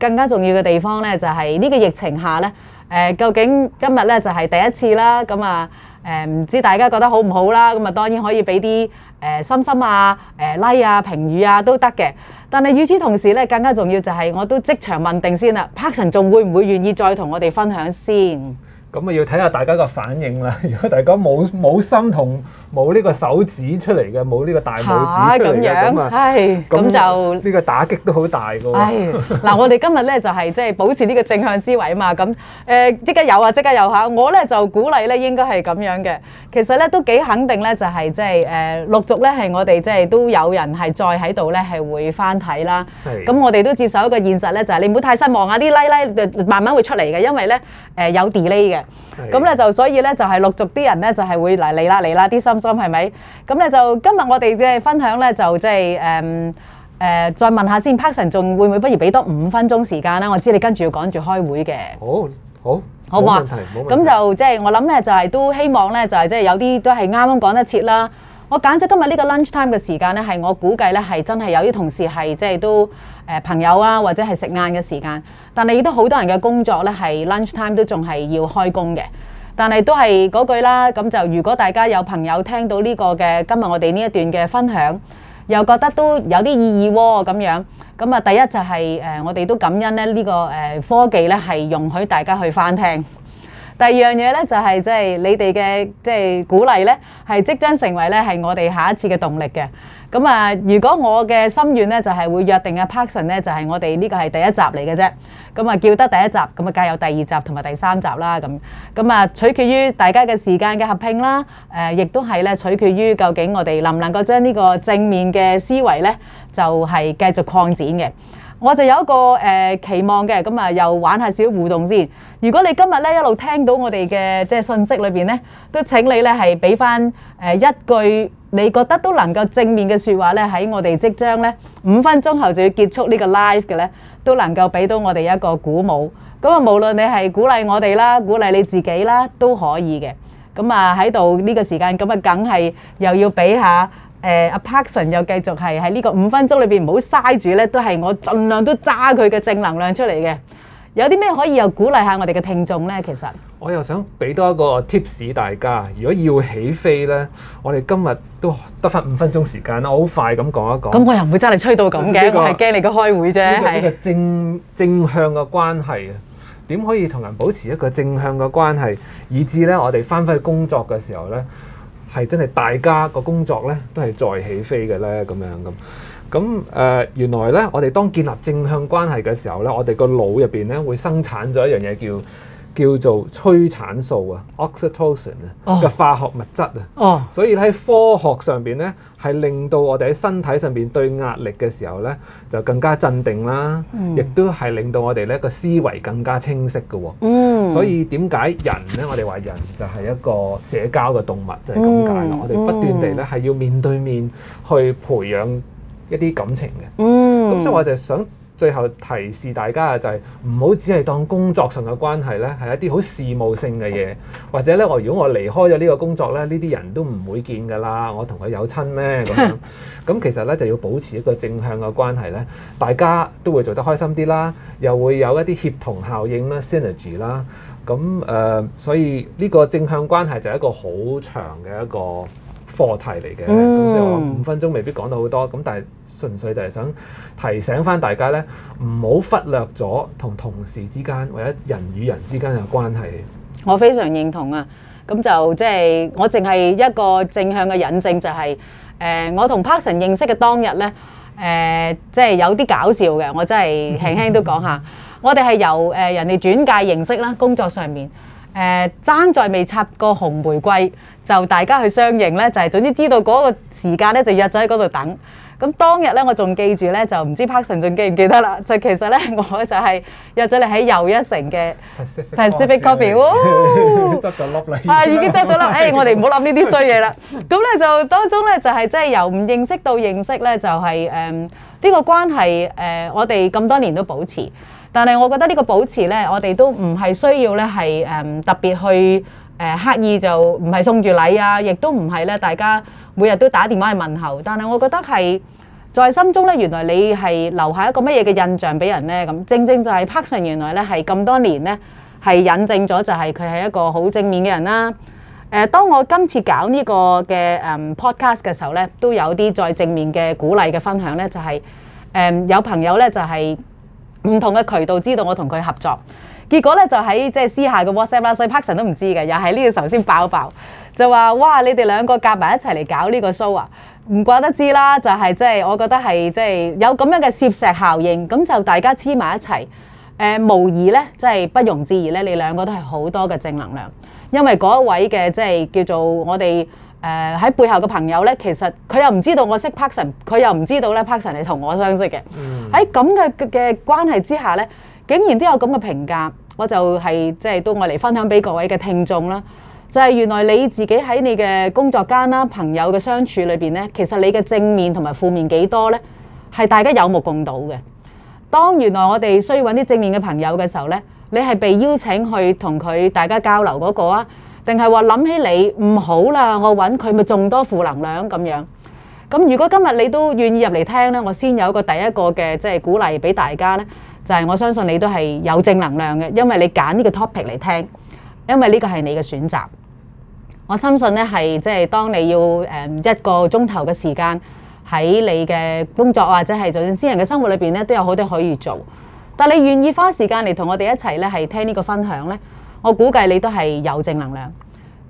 更加重要嘅地方咧就係呢個疫情下咧誒，究竟今日咧就係第一次啦，咁啊～誒唔知大家覺得好唔好啦，咁啊當然可以俾啲誒心心啊、誒、呃、like 啊、評語啊都得嘅。但係與此同時咧，更加重要就係我都即場問定先啦。Packson 仲會唔會願意再同我哋分享先？咁啊，要睇下大家個反應啦。如果大家冇冇心同冇呢個手指出嚟嘅，冇呢個大拇指出嚟嘅咁啊，咁就呢、呢個打擊都好大嘅喎。嗱， [laughs] 我哋今日咧就係即係保持呢個正向思維啊嘛。咁誒，即、呃、刻有啊，即刻有嚇、啊！我咧就鼓勵咧，應該係咁樣嘅。其實咧都幾肯定咧，就係即係誒陸續咧係我哋即係都有人係再喺度咧係會翻睇啦。咁我哋都接受一個現實咧，就係、是、你唔好太失望啊！啲拉拉慢慢會出嚟嘅，因為咧誒有 delay 嘅。咁咧就所以咧就係、是、陸續啲人咧就係會嚟嚟啦嚟啦啲心心係咪？咁咧、嗯、就今日我哋嘅分享咧就即係誒誒再問下先，Patrick 仲會唔會不如俾多五分鐘時間啦？我知你跟住要趕住開會嘅。好，好，好唔好啊？咁、嗯、就即係我諗咧就係、是、都希望咧就係即係有啲都係啱啱講得切啦。我揀咗今日呢個 lunch time 嘅時間呢，係我估計呢係真係有啲同事係即係都誒朋友啊，或者係食晏嘅時間。但係亦都好多人嘅工作呢係 lunch time 都仲係要開工嘅。但係都係嗰句啦，咁就如果大家有朋友聽到呢個嘅今日我哋呢一段嘅分享，又覺得都有啲意義喎、啊、咁樣。咁啊，第一就係誒我哋都感恩咧呢個誒科技呢係容許大家去翻聽。第二樣嘢咧就係即係你哋嘅即係鼓勵咧，係即將成為咧係我哋下一次嘅動力嘅。咁啊，如果我嘅心願咧就係、是、會約定嘅 Parkson 咧，就係、是、我哋呢、這個係第一集嚟嘅啫。咁啊，叫得第一集，咁啊，梗有第二集同埋第三集啦。咁咁啊，取決於大家嘅時間嘅合拼啦。誒、呃，亦都係咧取決於究竟我哋能唔能夠將呢個正面嘅思維咧，就係、是、繼續擴展嘅。我就有一個誒期望嘅，咁啊又玩下小互動先。如果你今日咧一路聽到我哋嘅即係信息裏邊咧，都請你咧係俾翻誒一句你覺得都能夠正面嘅説話咧，喺我哋即將咧五分鐘後就要結束呢個 live 嘅咧，都能夠俾到我哋一個鼓舞。咁啊，無論你係鼓勵我哋啦，鼓勵你自己啦，都可以嘅。咁啊喺度呢個時間，咁啊梗係又要俾下。誒阿 Parkson 又繼續係喺呢個五分鐘裏邊唔好嘥住咧，都係我儘量都揸佢嘅正能量出嚟嘅。有啲咩可以又鼓勵下我哋嘅聽眾咧？其實我又想俾多一個 tips 大家。如果要起飛咧，我哋今日都得翻五分鐘時間，我好快咁講一講。咁我又唔會真係吹到咁嘅，我係驚你個開會啫。係一個正正向嘅關係啊！點可以同人保持一個正向嘅關係，以至咧我哋翻返去工作嘅時候咧？係真係大家個工作咧，都係再起飛嘅咧，咁樣咁。咁誒、呃，原來咧，我哋當建立正向關係嘅時候咧，我哋個腦入邊咧會生產咗一樣嘢叫。叫做催產素啊，Oxytocin 啊嘅化學物質啊，oh. Oh. 所以喺科學上邊咧，係令到我哋喺身體上邊對壓力嘅時候咧，就更加鎮定啦，mm. 亦都係令到我哋咧個思維更加清晰嘅。嗯、mm.，所以點解人咧，我哋話人就係一個社交嘅動物，就係咁解啦。Mm. 我哋不斷地咧係要面對面去培養一啲感情嘅。嗯，咁所以我就想。最後提示大家啊，就係唔好只係當工作上嘅關係咧，係一啲好事務性嘅嘢，或者咧我如果我離開咗呢個工作咧，呢啲人都唔會見㗎啦，我同佢有親咩咁樣？咁其實咧就要保持一個正向嘅關係咧，大家都會做得開心啲啦，又會有一啲協同效應啦 （synergy） 啦，咁誒、呃，所以呢個正向關係就係一個好長嘅一個。課題嚟嘅，咁所以我五分鐘未必講到好多，咁但係純粹就係想提醒翻大家咧，唔好忽略咗同同事之間或者人與人之間嘅關係。我非常認同啊，咁就即係、就係、我淨係一個正向嘅引證、就係，就係誒我同 Pakson 認識嘅當日咧，誒即係有啲搞笑嘅，我真係輕輕都講下， [laughs] 我哋係由誒、呃、人哋轉介認識啦，工作上面誒爭、呃、在未插過紅玫瑰。就大家去相認咧，就係總之知道嗰個時間咧，就約咗喺嗰度等。咁當日咧，我仲記住咧，就唔知 Patrick 仲記唔記得啦？就其實咧，我就係約咗你喺又一城嘅 Pacific Coffee 嗰邊。哦，執咗笠啦！啊，已經執咗笠。誒、哎，我哋唔好諗呢啲衰嘢啦。咁咧就當中咧就係即係由唔認識到認識咧，就係誒呢個關係誒、嗯，我哋咁多年都保持。但係我覺得呢個保持咧，我哋都唔係需要咧，係誒、嗯、特別去。呃、刻意就唔係送住禮啊，亦都唔係咧，大家每日都打電話去問候。但係我覺得係在心中咧，原來你係留下一個乜嘢嘅印象俾人呢？咁。正正就係 Pakson，原來咧係咁多年咧係引證咗，就係佢係一個好正面嘅人啦、啊。誒、呃，當我今次搞呢個嘅誒 podcast 嘅時候咧，都有啲再正面嘅鼓勵嘅分享咧，就係、是、誒、呃、有朋友咧就係唔同嘅渠道知道我同佢合作。結果咧就喺即係私下嘅 WhatsApp 啦，所以 Patson 都唔知嘅，又喺呢、這個頭先爆爆就話：哇！你哋兩個夾埋一齊嚟搞呢個 show 啊！唔怪得知啦，就係即係我覺得係即係有咁樣嘅攝石效應，咁就大家黐埋一齊。誒、呃、無疑咧，即、就、係、是、不容置疑咧，你兩個都係好多嘅正能量，因為嗰一位嘅即係叫做我哋誒喺背後嘅朋友咧，其實佢又唔知道我識 Patson，佢又唔知道咧 Patson 係同我相識嘅。喺咁嘅嘅關係之下咧。竟然都有咁嘅評價，我就係即係都愛嚟分享俾各位嘅聽眾啦。就係原來你自己喺你嘅工作間啦、朋友嘅相處裏邊呢，其實你嘅正面同埋負面幾多呢？係大家有目共睹嘅。當原來我哋需要揾啲正面嘅朋友嘅時候呢，你係被邀請去同佢大家交流嗰個啊，定係話諗起你唔好啦，我揾佢咪仲多負能量咁樣？咁如果今日你都願意入嚟聽呢，我先有個第一個嘅即係鼓勵俾大家呢。就係、是、我相信你都係有正能量嘅，因為你揀呢個 topic 嚟聽，因為呢個係你嘅選擇。我相信呢係即係當你要誒一個鐘頭嘅時間喺你嘅工作或者係就算私人嘅生活裏面呢，都有好多可以做。但你願意花時間嚟同我哋一齊呢，係聽呢個分享呢，我估計你都係有正能量。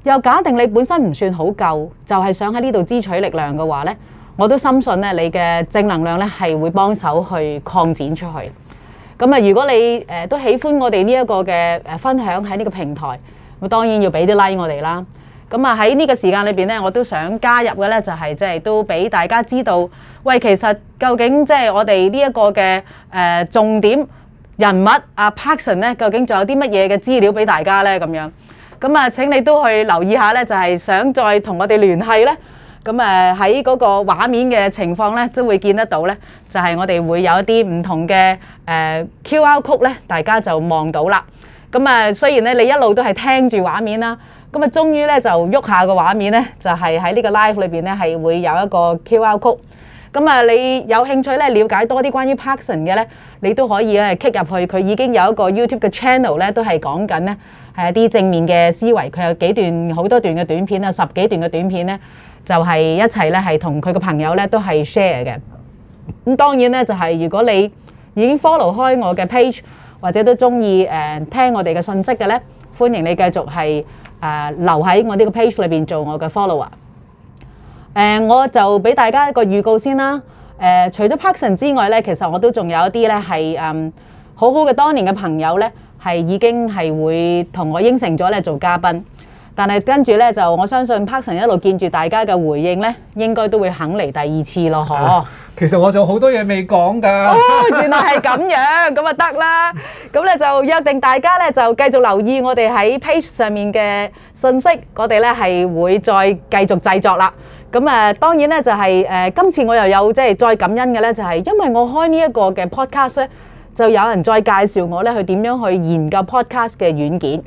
又假定你本身唔算好夠，就係、是、想喺呢度支取力量嘅話呢，我都深信呢，你嘅正能量呢，係會幫手去擴展出去。咁啊，如果你誒都喜歡我哋呢一個嘅誒分享喺呢個平台，咁當然要俾啲 like 我哋啦。咁啊喺呢個時間裏邊咧，我都想加入嘅咧就係即係都俾大家知道，喂，其實究竟即係我哋呢一個嘅誒、呃、重點人物啊 Parkson 咧，究竟仲有啲乜嘢嘅資料俾大家咧咁樣？咁啊，請你都去留意下咧，就係、是、想再同我哋聯繫咧。咁誒喺嗰個畫面嘅情況咧，都會見得到咧。就係、是、我哋會有一啲唔同嘅誒 Q L 曲咧，大家就望到啦。咁誒雖然咧你一路都係聽住畫面啦，咁誒終於咧就喐下個畫面咧，就係喺呢個 live 裏邊咧係會有一個 Q L 曲。咁啊，你有興趣咧了解多啲關於 person 嘅咧，你都可以咧 kick 入去。佢已經有一個 YouTube 嘅 channel 咧，都係講緊咧係一啲正面嘅思維。佢有幾段好多段嘅短片啊，十幾段嘅短片咧。就係、是、一齊咧，係同佢嘅朋友咧都係 share 嘅。咁當然咧，就係、是、如果你已經 follow 開我嘅 page 或者都中意誒聽我哋嘅信息嘅咧，歡迎你繼續係誒、呃、留喺我呢個 page 裏邊做我嘅 follower。誒、呃，我就俾大家一個預告先啦。誒、呃，除咗 person 之外咧，其實我都仲有一啲咧係誒好好嘅當年嘅朋友咧，係已經係會同我應承咗咧做嘉賓。但係跟住咧就我相信 p a r s o n 一路見住大家嘅回應咧，應該都會肯嚟第二次咯，嗬、啊。其實我仲好多嘢未講㗎。原來係咁樣，咁啊得啦。咁咧就約定大家咧就繼續留意我哋喺 page 上面嘅信息，我哋咧係會再繼續製作啦。咁啊、呃，當然咧就係、是、誒、呃，今次我又有即係再感恩嘅咧，就係、是、因為我開呢一個嘅 podcast 咧，就有人再介紹我咧去點樣去研究 podcast 嘅軟件。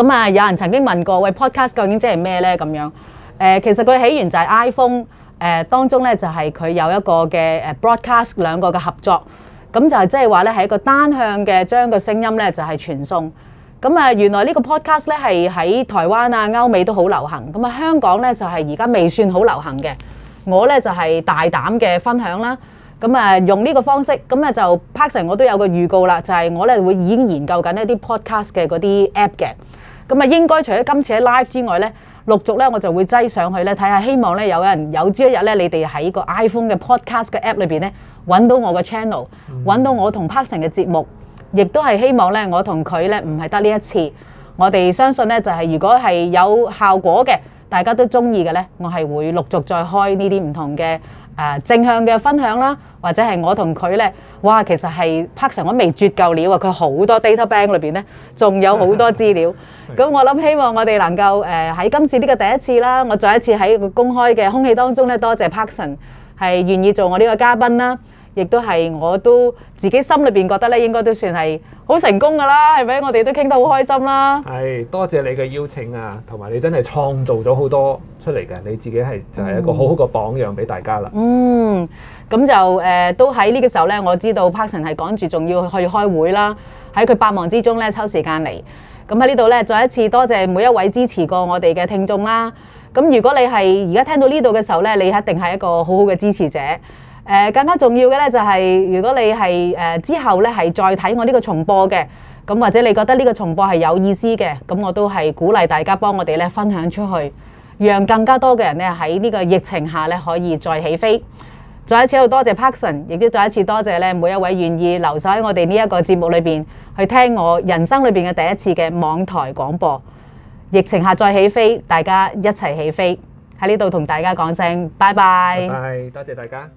咁啊！有人曾經問過，喂 Podcast 究竟即係咩呢？咁樣誒，其實佢起源就係 iPhone 誒當中呢，就係佢有一個嘅誒 broadcast 兩個嘅合作，咁就係即係話呢，係一個單向嘅將個聲音呢就係傳送咁啊。原來呢個 Podcast 呢係喺台灣啊、歐美都好流行咁啊。香港呢就係而家未算好流行嘅。我呢就係大膽嘅分享啦。咁啊，用呢個方式咁啊，就拍成我都有個預告啦，就係、是、我咧會已經研究緊一啲 Podcast 嘅嗰啲 app 嘅。咁啊，應該除咗今次喺 live 之外咧，陸續咧我就會擠上去咧，睇下希望咧有人有朝一日咧，你哋喺個 iPhone 嘅 Podcast 嘅 App 裏邊咧揾到我嘅 channel，揾到我同 Patrick 嘅節目，亦都係希望咧我同佢咧唔係得呢一次，我哋相信咧就係如果係有效果嘅，大家都中意嘅咧，我係會陸續再開呢啲唔同嘅。啊，正向嘅分享啦，或者係我同佢咧，哇，其實係 Paxton 我未絕夠料啊，佢好多 data bank 裏邊咧，仲有好多資料。咁 [laughs] 我諗希望我哋能夠誒喺今次呢個第一次啦，我再一次喺個公開嘅空氣當中咧，多謝 Paxton 係願意做我呢個嘉賓啦。亦都係，我都自己心裏邊覺得咧，應該都算係好成功㗎啦，係咪？我哋都傾得好開心啦。係，多謝你嘅邀請啊，同埋你真係創造咗好多出嚟嘅，你自己係就係、是、一個好好嘅榜樣俾大家啦。嗯，咁、嗯嗯、就誒、呃，都喺呢個時候咧，我知道 Patrick 係趕住仲要去開會啦，喺佢百忙之中咧抽時間嚟。咁喺呢度咧，再一次多謝每一位支持過我哋嘅聽眾啦。咁如果你係而家聽到呢度嘅時候咧，你一定係一個好好嘅支持者。更加重要嘅咧，就係，就係如果你係之後咧，係再睇我呢個重播嘅咁，或者你覺得呢個重播係有意思嘅，咁我都係鼓勵大家幫我哋咧分享出去，讓更加多嘅人咧喺呢個疫情下咧可以再起飛。再一次好多謝 Parkson，亦都再一次多謝咧每一位願意留守喺我哋呢一個節目裏面，去聽我人生裏面嘅第一次嘅網台廣播。疫情下再起飛，大家一齊起，起飛喺呢度同大家講聲拜拜，拜拜，多謝大家。